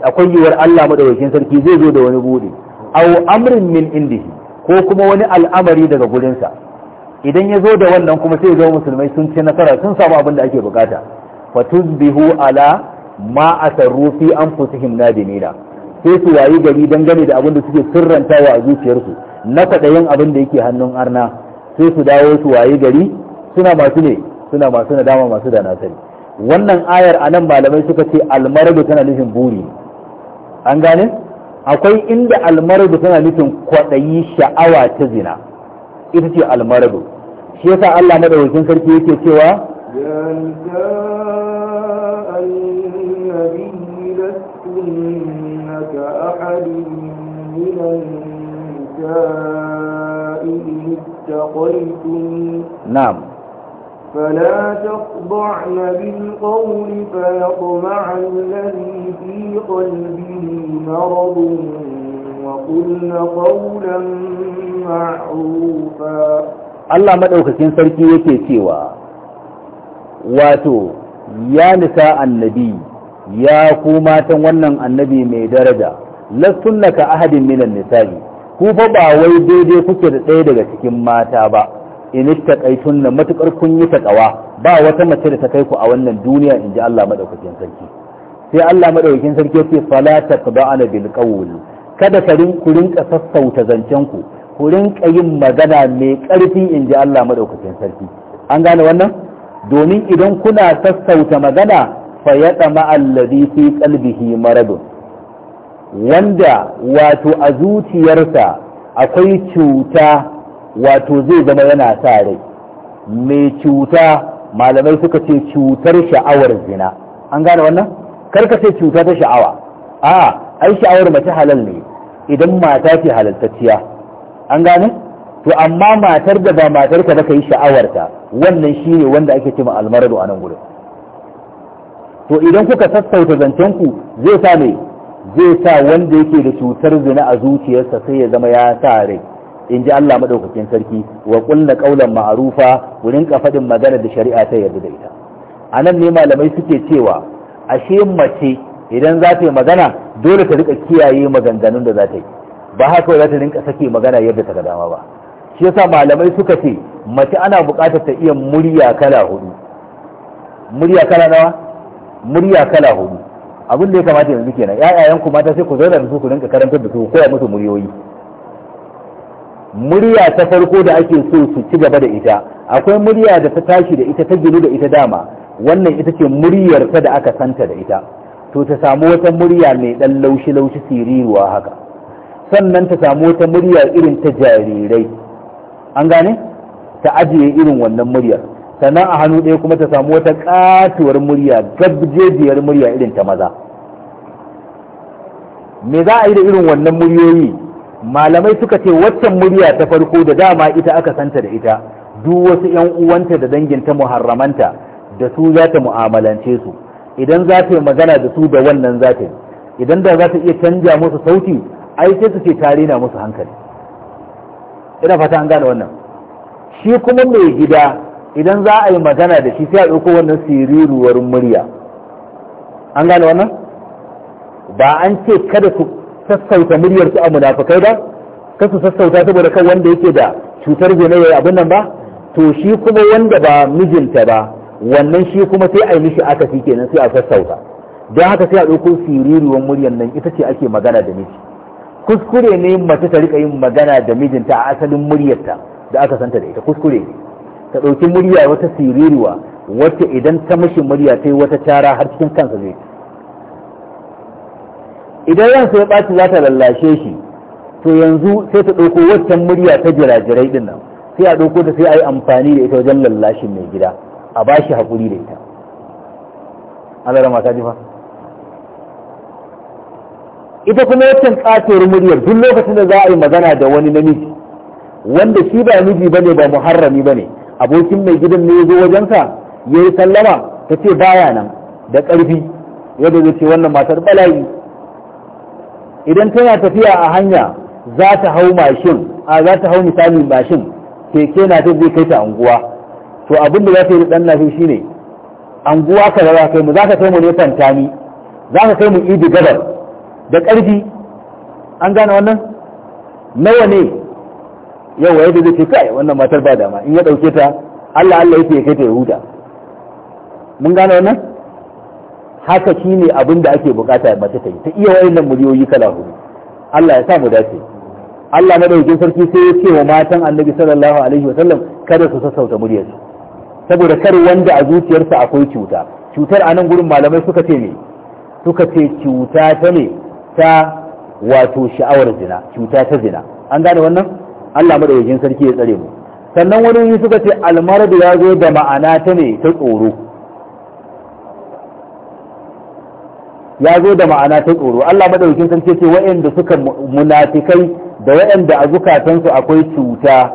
akwai yiwuwar Allah madaukakin sarki zai zo da wani buri aw amrin min indihi ko kuma wani al'amari daga gurinsa idan ya zo da wannan kuma sai ga musulmai sun ci nasara sun samu abin da ake bukata fa tuzbihu ala ma asarru fi anfusihim nadimina sai su wayi gari dangane da abin da suke sirrantawa a zuciyarsu na yin abin da yake hannun arna sai su dawo su wayi gari suna masu ne suna masu nadama masu da nasari wannan ayar a nan malamai suka ce almaradu tana nufin buri an gane akwai inda almaradu tana nufin kwaɗayi sha'awa ta zina ita ce almaradu shi yasa Allah madaukakin sarki yake cewa نعم فلا تخضعن بالقول فيطمع الذي في قلبه مرض وقلن قولا معروفا الله مدوكاكين سركي yake cewa wato ya nisa annabi ya ku matan wannan annabi mai daraja lastunna ahadin minan nisa'i ku fa ba wai daidai kuke da ɗaya daga cikin mata ba in taqaitunna matukar kun yi kawa ba wata mace da ta kai ku a wannan duniya inji ji Allah madaukakin sarki sai Allah madaukakin sarki yake fala taqba'ana bil qawl kada ka ku rinka sassauta zancen ku ku rinka yin magana mai ƙarfi in ji Allah madaukakin sarki an gane wannan domin idan kuna sassauta magana fa yada ma'allazi fi qalbihi maradun wanda wato a zuciyarsa akwai cuta wato zai zama yana sa rai mai cuta malamai suka ce cutar sha'awar zina an gane wannan karka ce cuta ta sha'awa A'a ai sha'awar mace halal ne idan mata ce halartacciya an gane to amma matar da ba matar ka baka yi sha'awarta wannan shine wanda ake cewa almaradu a nan gurin to idan kuka sassauta zancen ku zai sa ne zai sa wanda yake da cutar zina a zuciyarsa sai ya zama ya sa rai in ji Allah madaukakin sarki wa ƙulla qaulan ma'arufa wurin kafaɗin magana da shari'a ta yarda da ita anan ne malamai suke cewa ashe mace idan za ta yi magana dole ta rika kiyaye maganganun da za ta yi ba haka za ta rinka sake magana yadda ta ga dama ba shi yasa malamai suka ce mace ana buƙatar ta iya murya kala hudu murya kala nawa murya kala hudu abin da ya kamata yanzu kenan ƴaƴayen ku mata sai ku zauna da su ku rinka karantar da su koya musu muryoyi murya ta farko da ake so su ci gaba da ita akwai murya da ta tashi da ita ta ginu da ita dama wannan ita ce muryar ta da aka santa da ita to ta samu wata murya mai ɗan laushi-laushi siriruwa haka sannan ta samu wata murya irin ta jarirai an gane ta ajiye irin wannan muryar sannan a hannu ɗaya kuma ta samu wata katuwar murya gabjejiyar murya irin ta maza me za a yi da irin wannan muryoyi malamai suka ce waccan murya ta farko da dama ita aka santa da ita duk wasu 'yan uwanta da danginta muharramanta da su za ta mu'amalance su idan za ta yi magana da su da wannan za ta yi idan da za ta iya canja musu sauti ai sai su ce tare na musu hankali ina fata an gane wannan shi kuma mai gida idan za a yi magana da shi sai a ɗauko wannan siriruwar murya an gane wannan ba an ce kada su sassauta muryarsu a munafukai ba Ka su sassauta saboda kan wanda yake da cutar gona abin nan ba to shi kuma wanda ba mijinta ba wannan shi kuma sai a yi mishi aka fi kenan sai a sassauta don haka sai a ɗauko siririwan muryan nan ita ce ake magana da miji kuskure ne mace ta rika yin magana da mijinta a asalin muryarta da aka santa da ita kuskure ne ta ɗauki murya wata siririwa wacce idan ta mashi murya ta yi wata cara har cikin kansa zai ci. idan ransa ya ɓaci za ta lallashe shi to yanzu sai ta ɗauko waccan murya ta jirajirai ɗin nan sai a ɗauko ta sai a yi amfani da ita wajen lallashin mai gida a ba shi haƙuri da ita An zara mata ji fa ita kuma yakan ƙatuwar muryar duk lokacin da za a yi magana da wani namiji wanda shi ba miji ba ne ba muharrami ba ne abokin mai gidan ne ya zo wajensa ya yi sallama ta ce baya nan da ƙarfi yadda zai ce wannan matar bala'i idan tana tafiya a hanya za ta hau mashin a za ta hau misali mashin keke na ta zai kai ta unguwa to abin da za ka yi dan ɗan nafi shi ne anguwa ka za kai mu za ka kai mu ne fantami za ka kai mu idi gabar da ƙarfi an gane wannan nawa ne Yau wa yadda zai ce kai wannan matar ba dama in ya ɗauke ta Allah Allah yake ya kai ta Yahuda mun gane wannan haka shi ne abin da ake bukata mace ta yi ta iya wayannan muliyoyi kala hudu Allah ya sa mu dace Allah madaukakin sarki sai ya ce wa matan Annabi sallallahu alaihi wa sallam kada su sassauta muryarsu saboda kar wanda a zuciyarsa akwai cuta cutar a nan gurin malamai suka ce ne suka ce cuta ta ne ta wato sha'awar zina cuta ta zina an gane wannan Allah madaukakin sarki ya tsare mu sannan wani yi suka ce almaradu ya zo da ma'ana ta ne ta tsoro ya zo da ma'ana ta tsoro Allah madaukakin sarki ce waɗanda suka munafikai da waɗanda a zukatansu akwai cuta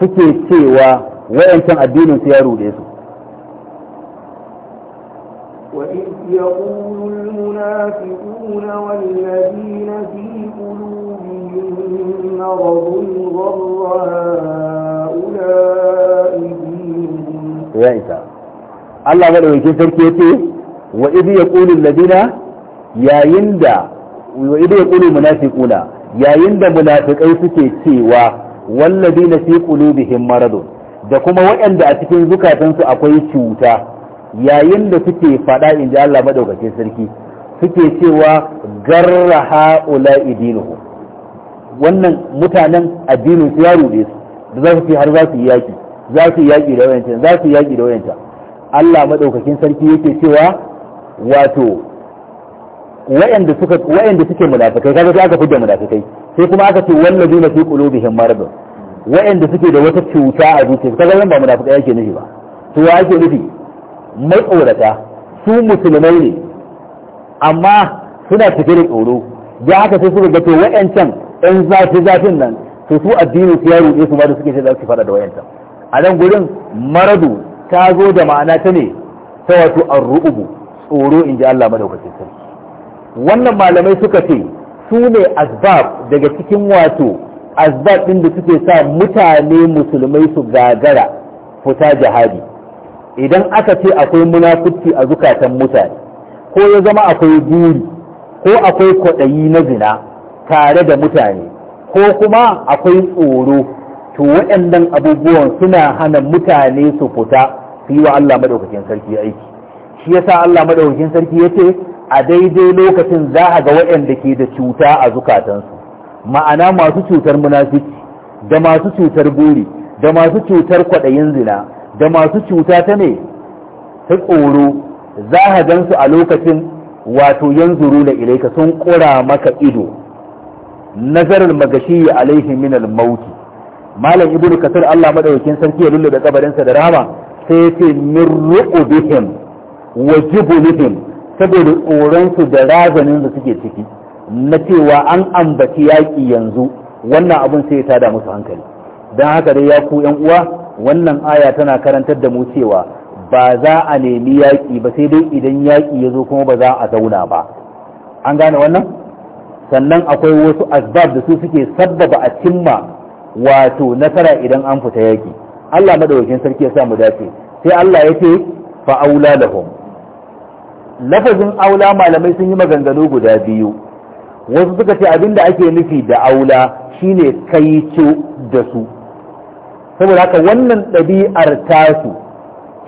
suke cewa wayancan addinin su ya rude su وإذ يقول المنافقون والذين في قلوبهم مرض غر هؤلاء دينهم يا إساء الله قال وإن سركيتي وإذ يقول الذين يا يندى وإذ يقول المنافقون يا يندى منافقين سكي سوى والذين في قلوبهم مرض da kuma waɗanda a cikin zukatansu akwai cuta yayin da suke faɗa in ji Allah maɗaukacin sarki suke cewa garra ha'ula idinuhu wannan mutanen addinin su ya rude su da za su fi har za su yi yaƙi za su yi yaƙi da wayanta za su yi yaƙi da wayanta Allah maɗaukakin sarki yake cewa wato waɗanda suka suke munafikai kaga sai aka fi da munafikai sai kuma aka ce wallazina fi qulubihim maradun wa'anda suke da wata cuta a zuciya kaga nan ba munafiki yake nufi ba to wa yake nufi Mai tsorata su musulmai ne amma suna cike da tsoro ya haka sai suka ga to wa'ancan ɗan zafi zafin nan to su addinin su ya ruɗe su ma da suke ce za su fada da wa'ancan a nan gurin maradu ta zo da ma'ana ta ne ta wato al-Ru'ubu, tsoro in ji Allah madaukakin sarki wannan malamai suka ce su ne asbab daga cikin wato asbab ɗin da suke sa mutane musulmai su gagara fita jihadi idan aka ce akwai munafurci a zukatan mutane ko ya zama akwai guri ko akwai kwaɗayi na zina tare da mutane ko kuma akwai tsoro to waɗannan abubuwan suna hana mutane su fita su yi wa Allah maɗaukakin sarki aiki shi yasa Allah maɗaukakin sarki ya ce a daidai lokacin za a ga waɗanda ke da cuta a zukatansu ma'ana masu cutar munafiki da masu cutar buri da masu cutar kwaɗayin zina da masu cuta ta ne ta tsoro za a gansu a lokacin wato yanzuru da ilaika sun ƙura maka ido nazarar magashi alaihi min mauti malam ibnu kasir Allah maɗaukin sarki ya lullu da kabarinsa da rama sai ce min bihim wa jibulihim saboda tsoron su da razanin da suke ciki na cewa an ambaci yaƙi yanzu wannan abin sai ya tada musu hankali don haka dai ya ku yan uwa wannan aya tana karantar da mu cewa ba za a nemi yaƙi ba sai dai idan yaƙi ya zo kuma ba za a zauna ba an gane wannan sannan akwai wasu asbab da su suke sabbaba a cimma wato nasara idan an fita yaƙi Allah madawakin sarki ya sa mu dace sai Allah ya ce fa aula lahum lafazin aula malamai sun yi maganganu guda biyu wasu suka ce abin da ake nufi da aula shine kaico da su saboda haka wannan ɗabi'ar tasu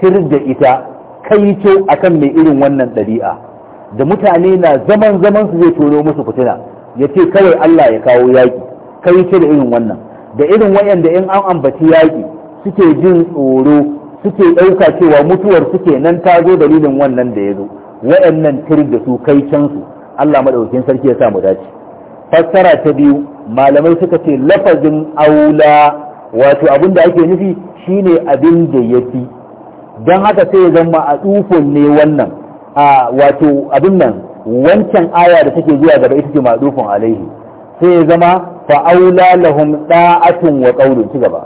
su da ita kaico akan mai irin wannan ɗabi'a da mutane na zaman zaman su zai tono musu fitina ya ce kawai Allah ya kawo yaƙi kaico da irin wannan da irin wayanda in an ambaci yaƙi suke jin tsoro suke ɗauka cewa mutuwar suke nan ta zo dalilin wannan da ya zo wayannan nan da su kai can su Allah maɗaukin sarki ya sa mu dace fassara ta biyu malamai suka ce lafazin aula wato abin da ake nufi shine abin da yafi don haka sai ya zama a tsufin ne wannan a wato abin nan wancan aya da take zuwa gaba ita ce ma tsufin alaihi sai ya zama fa aula lahum da'atun wa qawlun ci gaba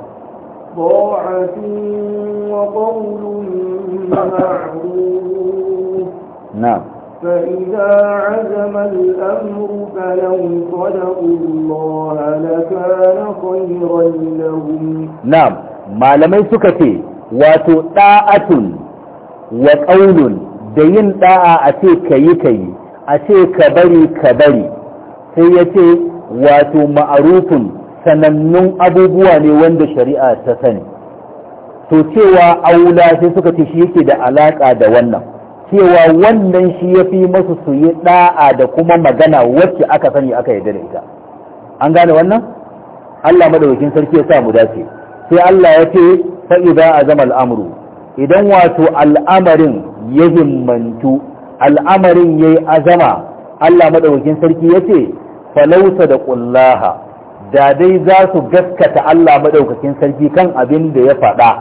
na'am فإذا عزم الأمر فلو صدقوا الله لكان خيرا لهم نعم ما لم يسكتي وتطاعة وقول da yin ɗa'a a ce ka yi ka yi a ce ka bari ka bari sai ya ce wato ma'arufin sanannun abubuwa ne wanda shari'a ta sani to cewa aula sai suka ce shi yake da alaƙa da wannan cewa wannan shi ya fi masu su yi ɗa'a da kuma magana wacce aka sani aka yi da ita an gane wannan Allah madawakin sarki ya sa mu dace sai Allah ya ce fa idza azama al'amru idan wato al'amarin ya himmantu al'amarin yayi azama Allah madawakin sarki ya ce falausa da ƙullaha da dai za su gaskata Allah Maɗaukakin sarki kan abin da ya faɗa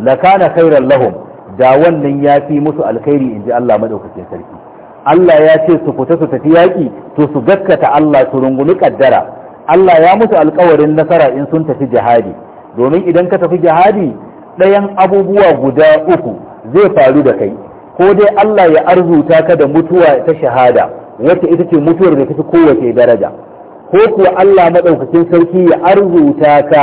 lakana khairan lahum da wannan ya fi musu alkhairi in ji Allah maɗaukakin sarki Allah ya ce su fita su tafi yaƙi to su gaskata Allah su rungumi kaddara Allah ya musu alkawarin nasara in sun tafi jihadi domin idan ka tafi jihadi ɗayan abubuwa guda uku zai faru da kai ko dai Allah ya arzuta ka da mutuwa ta shahada wacce ita ce mutuwar da tafi kowace daraja ko kuwa Allah maɗaukakin sarki ya arzuta ka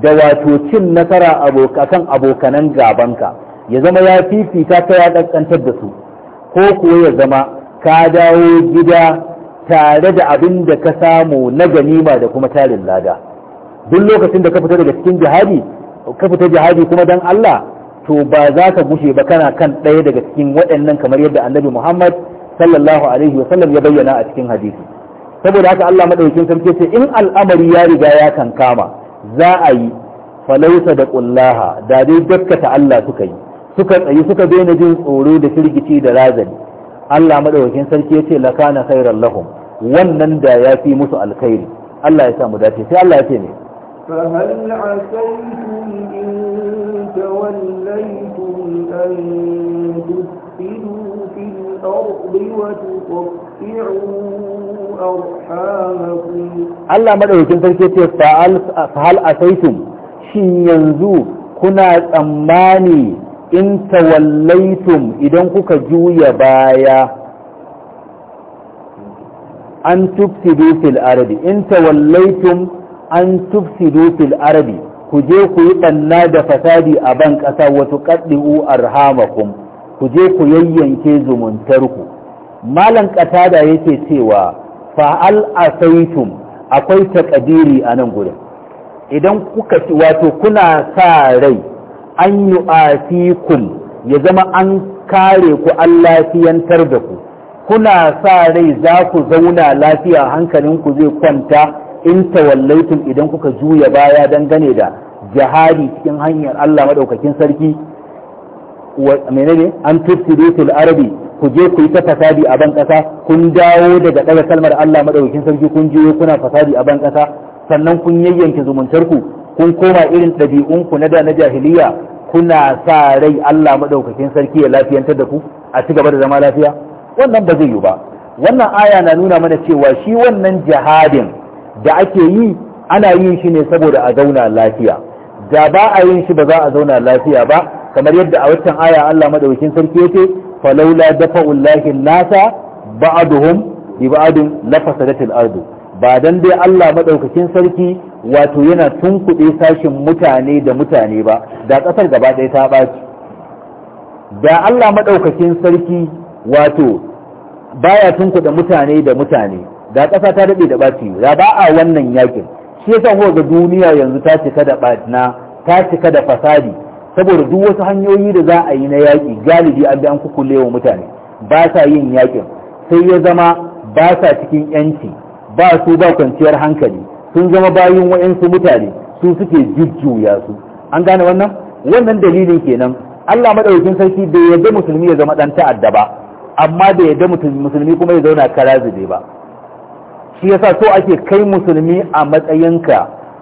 da wato cin nasara akan abokanan gabanka ya zama ya fifita ta ya ƙanƙantar da su ko kuwa ya zama ka dawo gida tare da abin da ka samu na ganima da kuma tarin lada duk lokacin da ka fita daga cikin jihadi ka fita jihadi kuma dan Allah to ba za ka gushe ba kana kan ɗaya daga cikin waɗannan kamar yadda annabi Muhammad sallallahu alaihi wa sallam ya bayyana a cikin hadisi saboda haka Allah madaukakin sarki ce in al'amari ya riga ya kankama za a yi falausa da kullaha da dai dakkata Allah suka yi suka tsayi suka daina jin tsoro da firgici da razani Allah madaukakin sarki yace lakana khairan lahum wannan da ya fi musu alkhairi Allah ya sa mu dace sai Allah ya ce ne فهل عسيتم إن توليتم أن تفسدوا في الأرض وتقطعوا أرحامكم الله مدعوكم تركيتي فهل أسيتم شين ينزو كنا أماني in tawallaitum idan kuka juya baya an tufsidu fil arabi in tawallaitum an tufsidu fil arabi ku je ku yi banna da fasadi a ban ƙasa wato u-Arhama arhamakum ku je ku yayyanke zumuntarku malan qatada yake cewa fa'al asaitum akwai takadiri a nan gurin idan kuka wato kuna sa rai an yu'atikum ya zama an kare ku an lafiyantar da ku kuna sa rai za ku zauna lafiya hankalinku zai kwanta in tawallaitum idan kuka juya baya dangane da jihadi cikin hanyar Allah maɗaukakin sarki menene an tufsidu fil arabi ku je ku yi ta fasadi a ban ƙasa? kun dawo daga daga kalmar Allah maɗaukakin sarki kun je kuna fasadi a ban kasa sannan kun yayyanke zumuntarku kun koma irin ɗabi'unku na da na jahiliya kuna sa rai Allah maɗaukakin sarki ya lafiyantar da ku a ci gaba da zama lafiya wannan ba zai yi ba wannan aya na nuna mana cewa shi wannan jihadin da ake yi ana yin shi ne saboda a zauna lafiya da ba a yin shi ba za a zauna lafiya ba kamar yadda a waccan aya Allah maɗaukakin sarki yake falaula dafa'ullahi nasa ba'aduhum bi ba'adun lafasadatil ardu ba dan dai Allah maɗaukakin sarki wato yana tunkuɗe sashin mutane da mutane ba da ƙasar gaba ɗaya ta ɓaci da Allah maɗaukakin sarki wato baya tunkuɗe mutane da mutane da ƙasa ta daɗe da ɓaci da ba a wannan yakin shi yasa ko ga duniya yanzu ta cika da ɓatina ta cika da fasadi saboda duk wasu hanyoyi da za a yi na yaƙi galibi an bi an kukule wa mutane ba sa yin yaƙin. sai ya zama ba sa cikin yanci ba su ba kwanciyar hankali sun zama bayin wa'insu mutane su suke jujjuya su an gane wannan wannan dalilin kenan Allah madaukakin sarki bai yarda musulmi ya zama dan ta'adda ba amma bai yarda musulmi kuma ya zauna karazube ba shi yasa so ake kai musulmi a matsayinka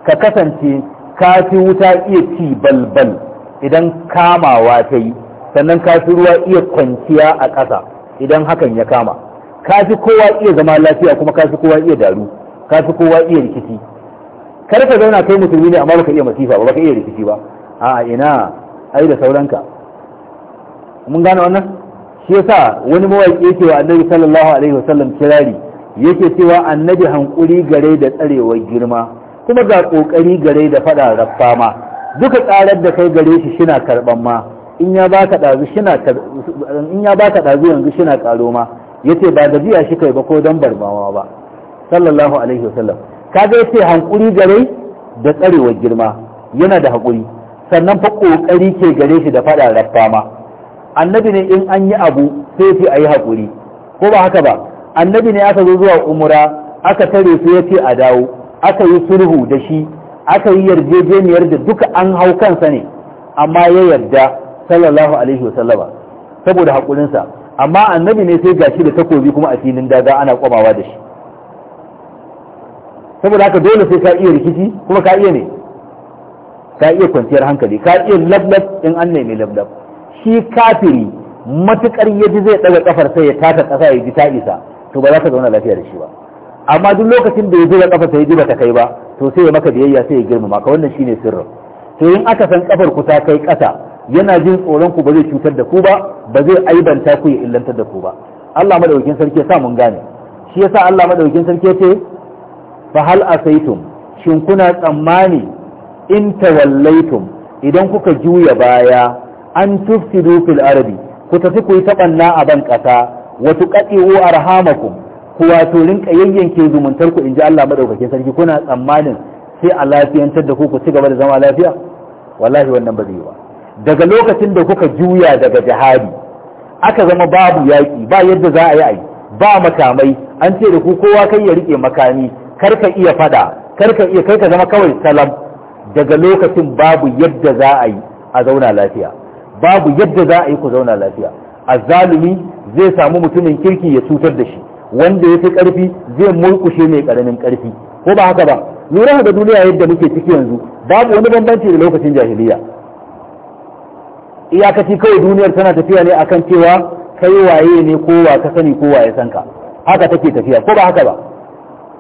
ka kasance ka fi wuta iya ci balbal idan kamawa ta yi sannan ka fi ruwa iya kwanciya a ƙasa idan hakan ya kama ka fi kowa iya zama lafiya kuma ka fi kowa iya daru ka fi kowa iya rikici kar ka zauna kai musulmi ne amma baka iya masifa ba baka iya rikici ba a ina ai da sauranka mun gane wannan shi yasa wani mawaki yake wa annabi sallallahu alaihi wasallam kirari yake cewa annabi hankuri gare da tsarewar girma kuma ga kokari gare da fada raffa ma duka tsarar da kai gare shi shina karban ma in ya baka dazu shina in ya baka dazu yanzu shina karo ma yace ba da biya shi kai ba ko dan barbawa ba sallallahu alaihi wasallam kaga yace hankuri gare da tsarewar girma yana da hakuri sannan fa kokari ke gare shi da fada rafa ma annabi ne in an yi abu sai fi ayi hakuri ko ba haka ba annabi ne aka zo zuwa umra aka tare su yace a dawo aka yi sulhu da shi aka yi yarjejeniyar da duka an hau kansa ne amma ya yarda sallallahu alaihi wasallama saboda haƙurinsa. amma annabi ne sai gashi da takobi kuma a filin daga ana kwamawa da shi saboda haka dole sai ka iya rikici kuma ka iya ne ka iya kwanciyar hankali ka iya lablab in an nemi lablab shi kafiri matukar yaji zai daga kafar sai ya taka kasa ya ji ta isa to ba za ka zauna lafiya da shi ba amma duk lokacin da ya ji kafar sai ya ji ba kai ba to sai ya maka biyayya sai ya girmama ka wannan shine sirrin to in aka san kafar ku ta kai kasa yana jin tsoron ku ba zai cutar da ku ba ba zai aibanta ku ya illantar da ku ba Allah madaukakin sarki ya sa mun gane shi yasa Allah madaukakin sarki ya ce fa hal asaitum shin kuna tsammani in tawallaitum idan kuka juya baya an tufsidu fil ardi ku tafi ku yi tabanna a ban kasa wa tuqatiu arhamakum ku wato rinka yayyanke zumuntar ku inji Allah madaukakin sarki kuna tsammanin sai a lafiyantar da ku ku ci gaba da zama lafiya wallahi wannan ba zai yi ba daga lokacin da kuka juya daga jihadi aka zama babu yaƙi ba yadda za a yi ai ba makamai an ce da ku kowa kai ya rike makami kar ka iya fada kar ka iya kai ka zama kawai salam daga lokacin babu yadda za a yi a zauna lafiya babu yadda za a yi ku zauna lafiya azzalumi zai samu mutumin kirki ya cutar da shi wanda ya fi ƙarfi zai mulkushe mai karamin karfi ko ba haka ba lura da duniya yadda muke ciki yanzu babu wani bambanci da lokacin jahiliya iyakaci kawai duniyar tana tafiya ne akan cewa kai waye ne kowa ka sani kowa ya san ka haka take tafiya ko ba haka ba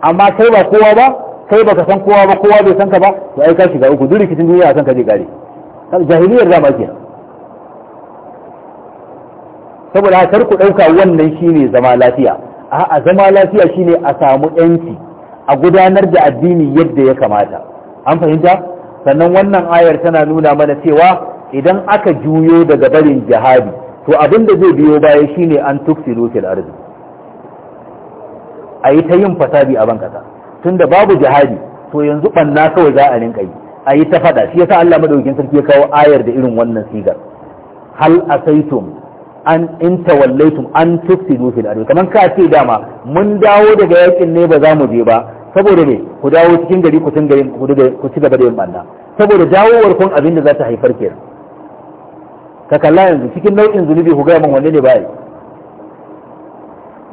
amma kai ba kowa ba kai baka san kowa ba kowa bai san ka ba to ai ka shiga uku duk rikicin duniya san ka zai kare jahiliyar zama kenan saboda kar ku ɗauka wannan shine zama lafiya a'a zama lafiya shine a samu yanci a gudanar da addini yadda ya kamata an fahimta sannan wannan ayar tana nuna mana cewa idan aka juyo daga barin jihadi to abin da zai biyo baya shine an tufsilu fil ardi a yi ta yin fasadi a ban tun da babu jihadi to yanzu banna kawai za a rinka yi a yi ta faɗa shi yasa Allah madaukakin sarki ya kawo ayar da irin wannan sigar hal asaitum an in tawallaitum an tufsidu fil ardi kaman ka ce dama mun dawo daga yakin ne ba za mu je ba saboda ne ku dawo cikin gari ku ci gaba da yin banna saboda dawowar kun abin da za ta haifar kenan ka kalla yanzu cikin nau'in zunubi ku ga man wanne ne ba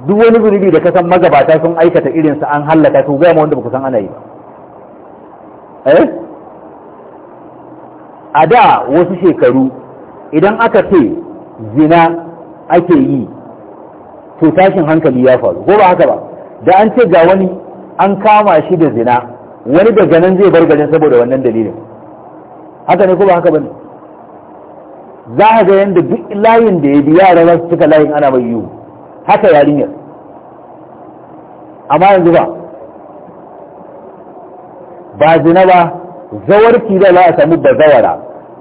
duk wani zunubi da ka san magabata sun aikata irin irinsa an hallaka su gaya ma wanda ba san ana yi ba eh? a da wasu shekaru idan aka ce zina ake yi to tashin hankali ya faru ko ba haka ba da an ce ga wani an kama shi da zina wani daga nan zai bar garin saboda wannan dalilin haka ne ko ba haka ba ne za a ga yadda duk layin da ya bi yara za su cika layin ana mai yiwu haka yarinyar amma yanzu ba ba zina ba zawarci da za a samu bazawara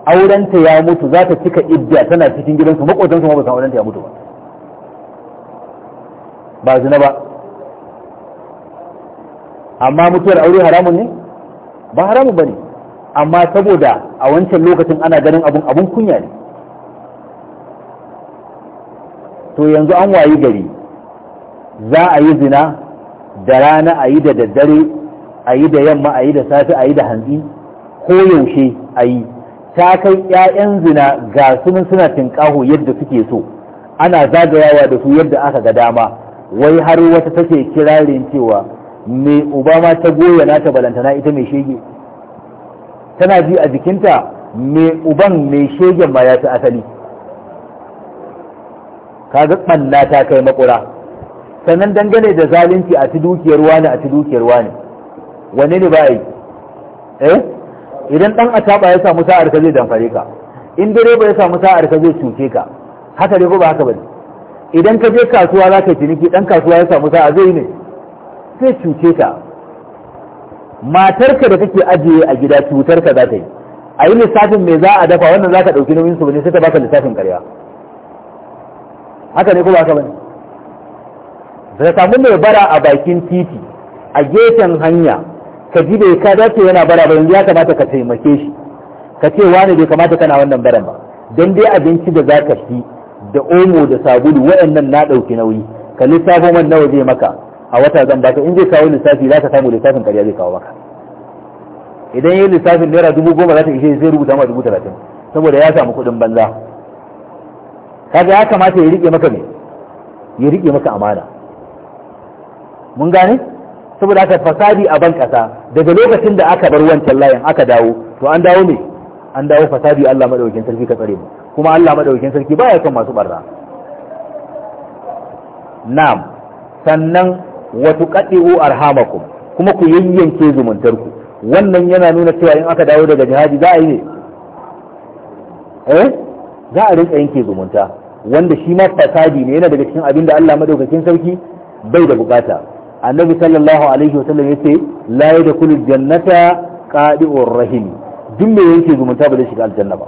aurenta ya mutu za ta cika idda tana cikin gidansu makotansu ma ba san aurenta ya mutu ba ba zina ba amma mutuwar aure haramun ne ba haramun ba ne amma saboda a wancan lokacin ana ganin abun abun kunya ne to yanzu an wayi gari za a yi zina da rana a yi da daddare a yi da yamma a yi da safe a yi da hantsi ko yaushe a yi ta kai 'ya'yan zina ga sunan suna tinkaho yadda suke so ana zagayawa da su yadda aka ga dama wai har wata take kirarin cewa mai uba ma ta goya na ta balantana ita mai shege tana ji a jikinta mai uban mai shegen ma ya fi asali kaga ɓanna ta kai makura sannan dangane da zalunci a ci dukiyar wani a ci dukiyar wani Wani ne ba yi eh idan dan ataba ya samu sa'ar ka zai damfare ka in direba ya samu sa'ar ka zai cuce ka haka dai ko ba haka bane idan ka je kasuwa za ka ciniki dan kasuwa ya samu sa'a zai ne sai cuce ka matarka da kake ajiye a gida cutar ka za ta yi a yi lissafin me za a dafa wannan za ka ɗauki nauyin su ne sai ta baka lissafin karya haka ne kuma haka bane da samu mai bara a bakin titi a gefen hanya ka ji bai ka dace yana bara ba yanzu ya kamata ka taimake shi ka ce wani bai kamata kana wannan baran ba don dai abinci da za ka fi da omo da sabulu waɗannan na ɗauki nauyi ka lissafo man nawa zai maka a wata zan baka in zai kawo lissafi za ka samu lissafin ƙarya zai kawo maka idan yi lissafin naira dubu goma za ta ishe sai rubuta ma dubu talatin saboda ya samu kuɗin banza kaga ya kamata ya rike maka ne ya rike maka amana mun gane saboda aka fasadi a ban kasa daga lokacin da aka bar wancan layin aka dawo to an dawo ne an dawo fasadi Allah madaukakin sarki ka tsare mu kuma Allah madaukakin sarki baya son masu barra na'am sannan wa tuqati'u arhamakum kuma ku yayyanke zumuntarku wannan yana nuna cewa in aka dawo daga jihadi za a yi ne eh za a rinka yanke zumunta wanda shi ma fasadi ne yana daga cikin abin da Allah madaukakin sarki bai da bukata annabi sallallahu alaihi wasallam yace la yadkhulul jannata qadi'ur rahim duk me yake zumunta ba zai shiga aljanna ba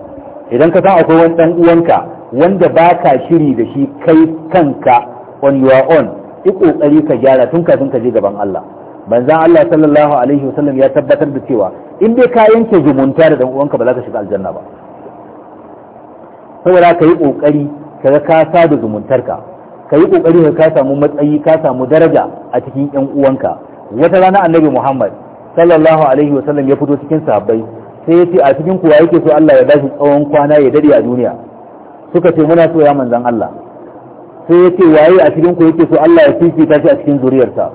idan ka san akwai wani dan uwanka wanda baka shiri da shi kai kanka on your own yi kokari ka gyara tun kafin ka je gaban Allah manzon Allah sallallahu alaihi wasallam ya tabbatar da cewa in dai ka yanke zumunta da dan uwanka ba za ka shiga aljanna ba saboda ka yi kokari kaga ka sada zumuntarka ka yi kokari ka samu matsayi ka samu daraja a cikin yan uwanka wata rana annabi Muhammad sallallahu alaihi wa sallam ya fito cikin sahabbai sai ya ce a cikin kuwa yake so Allah ya bashi tsawon kwana ya dade a duniya suka ce muna so ya manzon Allah sai ya ce waye a cikin ku yake so Allah ya fifita shi a cikin zuriyarsa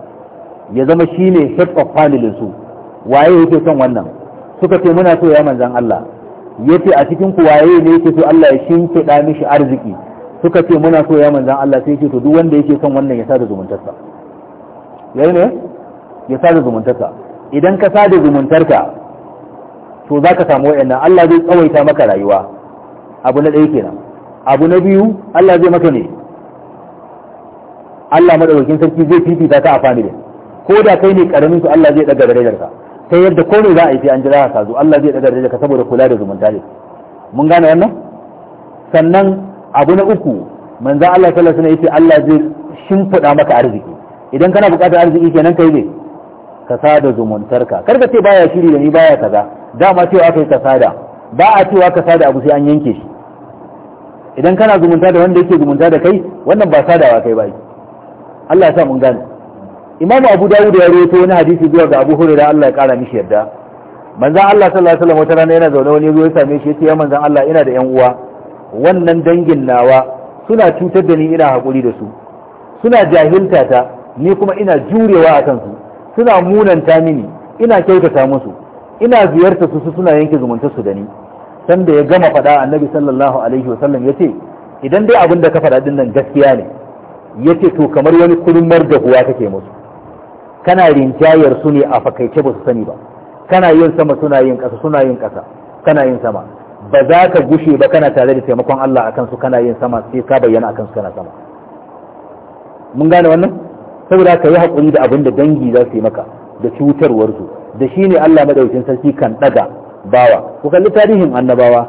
ya zama shine head of family su waye yake son wannan suka ce muna so ya manzan Allah yace a cikin ku waye ne yake so Allah ya shinke da mishi arziki suka ce muna so ya manzan Allah sai ce to duk wanda yake son wannan ya sada zumuntarsa yayi ne ya sada zumuntarsa idan ka sada zumuntarka to za ka samu wa'annan Allah zai tsawaita maka rayuwa abu na ɗaya kenan abu na biyu Allah zai maka ne Allah madaukakin sarki zai fifita ka a family ko da kai ne karamin su Allah zai daga ka, ta yadda ko ne za a yi sai an jira ka zo Allah zai daga ka saboda kula da zumunta ne mun gane wannan sannan abu na uku manzo Allah sallallahu alaihi wasallam yace Allah zai shimfida maka arziki idan kana buƙatar arziki kenan kai ne ka sada zumuntarka kar ka ce baya shiri da ni baya kaza dama cewa kai ka sada ba a cewa ka sada abu sai an yanke shi idan kana zumunta da wanda yake zumunta da kai wannan ba sadawa kai ba Allah ya sa mun gane Imam Abu Dawud ya rawaito wani hadisi zuwa ga Abu Hurairah Allah ya kara mishi yarda manzon Allah sallallahu alaihi wasallam wata rana yana zaune wani ya zo ya same shi ya ce ya manzon Allah ina da ƴan uwa wannan dangin nawa suna cutar da ni ina haƙuri da su suna jahilta ta ni kuma ina jurewa a kansu suna munanta mini ina kyautata musu ina ziyarta su suna yanke zumuntarsu da ni sanda ya gama faɗa annabi sallallahu alaihi wasallam ya ce idan dai abin da ka faɗa din nan gaskiya ne ya ce to kamar wani kulmar da kuwa kake musu kana rinjayar su ne a fakaice ba su sani ba kana yin sama suna yin ƙasa suna yin ƙasa kana yin sama ba za ka gushe ba kana tare da taimakon Allah akan su kana yin sama sai ka bayyana akan su kana sama mun gane wannan saboda ka yi haƙuri da abin da dangi za su yi maka da cutarwarsu da shi ne Allah madaukin sarki kan ɗaga bawa ku kalli tarihin annabawa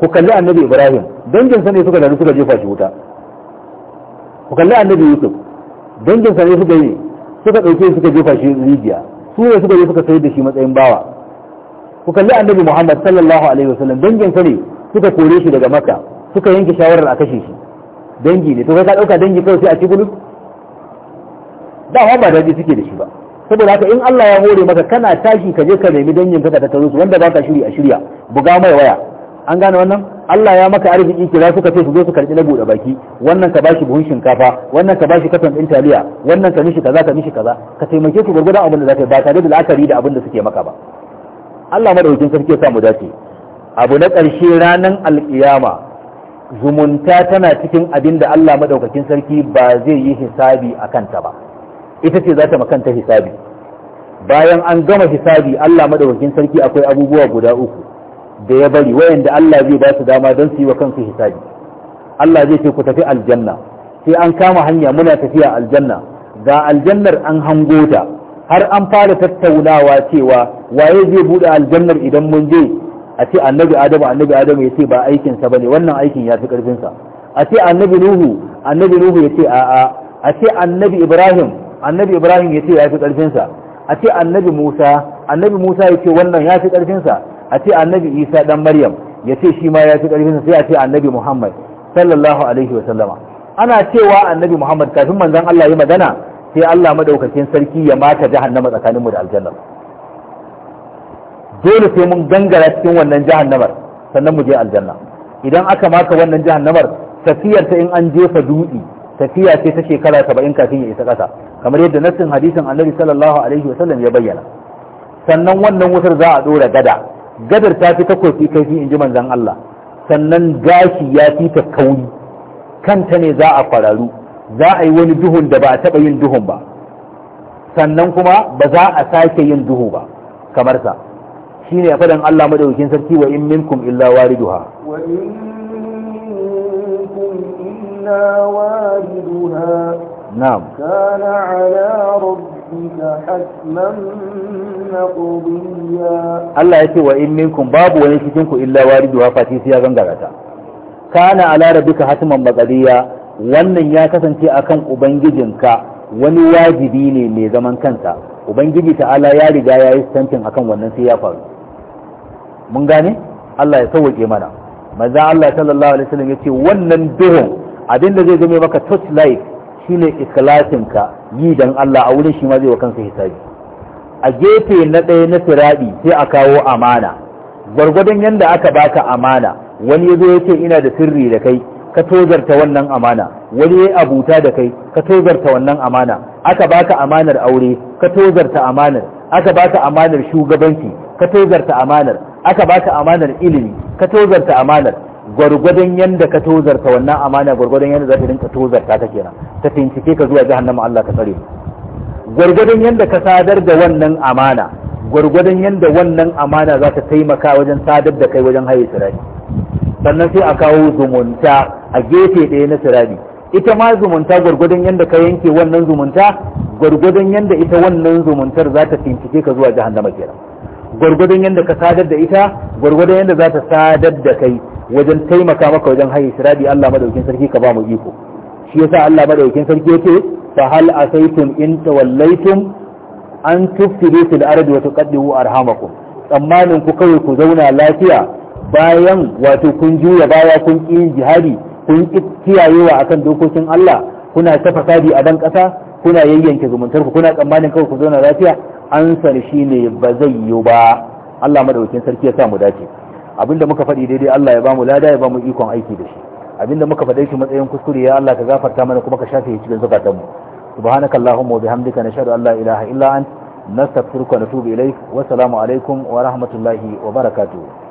ku kalli annabi ibrahim danginsa ne suka da suka jefa shi wuta ku kalli annabi yusuf danginsa ne suka yi suka ɗauke suka jefa shi rijiya su ne suka je suka sayar da shi matsayin bawa ku kalli annabi Muhammad sallallahu alaihi wasallam dangin sa ne suka kore shi daga Makka suka yanke shawarar a kashe shi dangi ne to kai ka dauka dangi kawai sai a ci bulus da hawa ba dangi suke da shi ba saboda haka in Allah ya hore maka kana tashi ka je ka nemi dangin ka ta su wanda ka shiri a shirya buga mai waya an gane wannan Allah ya maka arziki kira suka ce su zo su karbi na bude baki wannan ka bashi buhun shinkafa wannan ka bashi katon din taliya wannan ka mishi kaza ka mishi kaza ka taimake su gurgurdan abin da zaka ba tare da la'akari da abin da suke maka ba Allah madaukakin sarki ya sa mu dace abu na ƙarshe ranar alƙiyama zumunta tana cikin abin da Allah madaukakin sarki ba zai yi hisabi a kanta ba ita ce za ta makanta hisabi bayan an gama hisabi Allah madaukakin sarki akwai abubuwa guda uku da ya bari wayanda Allah zai ba su dama don su yi wa kansu hisabi Allah zai ce ku tafi aljanna sai an kama hanya muna tafiya aljanna ga aljannar an hango ta har an fara tattaunawa cewa waye zai bude aljannar idan mun je a ce annabi adamu annabi adamu ya ce ba aikin sa bane wannan aikin ya fi karfin sa a ce annabi nuhu annabi nuhu ya ce a a a ce annabi ibrahim annabi ibrahim ya ce ya fi karfin sa a ce annabi musa annabi musa ya ce wannan ya fi karfin sa a ce annabi isa dan maryam ya ce shi ma ya fi karfin sa sai a ce annabi muhammad sallallahu alaihi wa sallama ana cewa annabi muhammad kafin manzon Allah ya magana sai Allah madaukakin sarki ya mata jahannama tsakaninmu da aljanna dole sai mun gangara cikin wannan jahannamar sannan mu je aljanna idan aka maka wannan jahannamar tafiyar ta in an jefa dudi tafiya ce ta shekara saba'in kafin ya isa ƙasa kamar yadda nassin hadisin annabi sallallahu alaihi wasallam ya bayyana sannan wannan wutar za a ɗora gada gadar ta fi takwafi kaifi in ji manzon Allah sannan gashi ya fi ta kauri kanta ne za a fararu za a yi wani duhun da ba a taɓa yin duhun ba sannan kuma ba za a sake yin duhu ba kamar sa shine fadan Allah madaukakin sarki wa in minkum illa wariduha wa in minkum illa wariduha na'am kana ala rabbika hatman maqdiya Allah yace wa in minkum babu wani cikin ku illa wariduha fati sai ya gangara ta kana ala rabbika hatman maqdiya wannan ya kasance akan ubangijinka wani wajibi ne mai zaman kansa ubangiji ta'ala ya riga ya yi stancin akan wannan sai ya faru mun gane Allah ya sauke mana manzo Allah sallallahu alaihi wasallam yace wannan duhun abinda zai game maka touch life shine ikhlasin ka yi dan Allah a wurin shi ma zai wa kansa hisabi a gefe na ɗaya na tiradi sai a kawo amana gwargwadon yanda aka baka amana wani yazo yace ina da sirri da kai ka tozarta wannan amana wani ya abuta da kai ka tozarta wannan amana aka baka amanar aure ka tozarta amanar aka baka amanar shugabanci ka tozarta amanar aka baka amanar ilimi ka tozarta amanar gwargwadon yadda ka tozarta wannan amana gwargwadon yadda za ta rinka tozarta ta kenan ta tincike ka zuwa jahannama Allah ka tsare gwargwadon yadda ka sadar da wannan amana gwargwadon yadda wannan amana za ta taimaka wajen sadar da kai wajen haye sirari sannan sai a kawo zumunta a gefe ɗaya na sirari ita ma zumunta gwargwadon yadda ka yanke wannan zumunta gwargwadon yadda ita wannan zumuntar za ta fincike ka zuwa jahannama kenan gwargwadon yadda ka sadar da ita gwargwadon yadda za ta sadar da kai wajen taimaka maka wajen haye siradi Allah madaukin sarki ka ba mu iko shi yasa Allah madaukin sarki yake fa hal asaitum in tawallaitum an tufsidu fil ardi wa tuqaddu arhamakum tsammanin ku kawai ku zauna lafiya bayan wato kun juya baya kun ƙi jihadi kun ƙi kiyayewa akan dokokin Allah kuna ta fasadi a dan ƙasa kuna yayyanke zumuntar ku kuna tsammanin kawai ku zauna lafiya ansar ne ba zai yi ba Allah madaukakin sarki ya sa mu dace abinda muka faɗi daidai Allah ya bamu lada ya bamu ikon aiki da shi abinda muka faɗe shi matsayin kuskure ya Allah ka gafarta mana kuma ka shafe shi cikin zakatan mu subhanaka allahumma wa bihamdika nashhadu an la ilaha illa ant nastaghfiruka wa natubu ilaik wa assalamu alaikum wa rahmatullahi wa barakatuh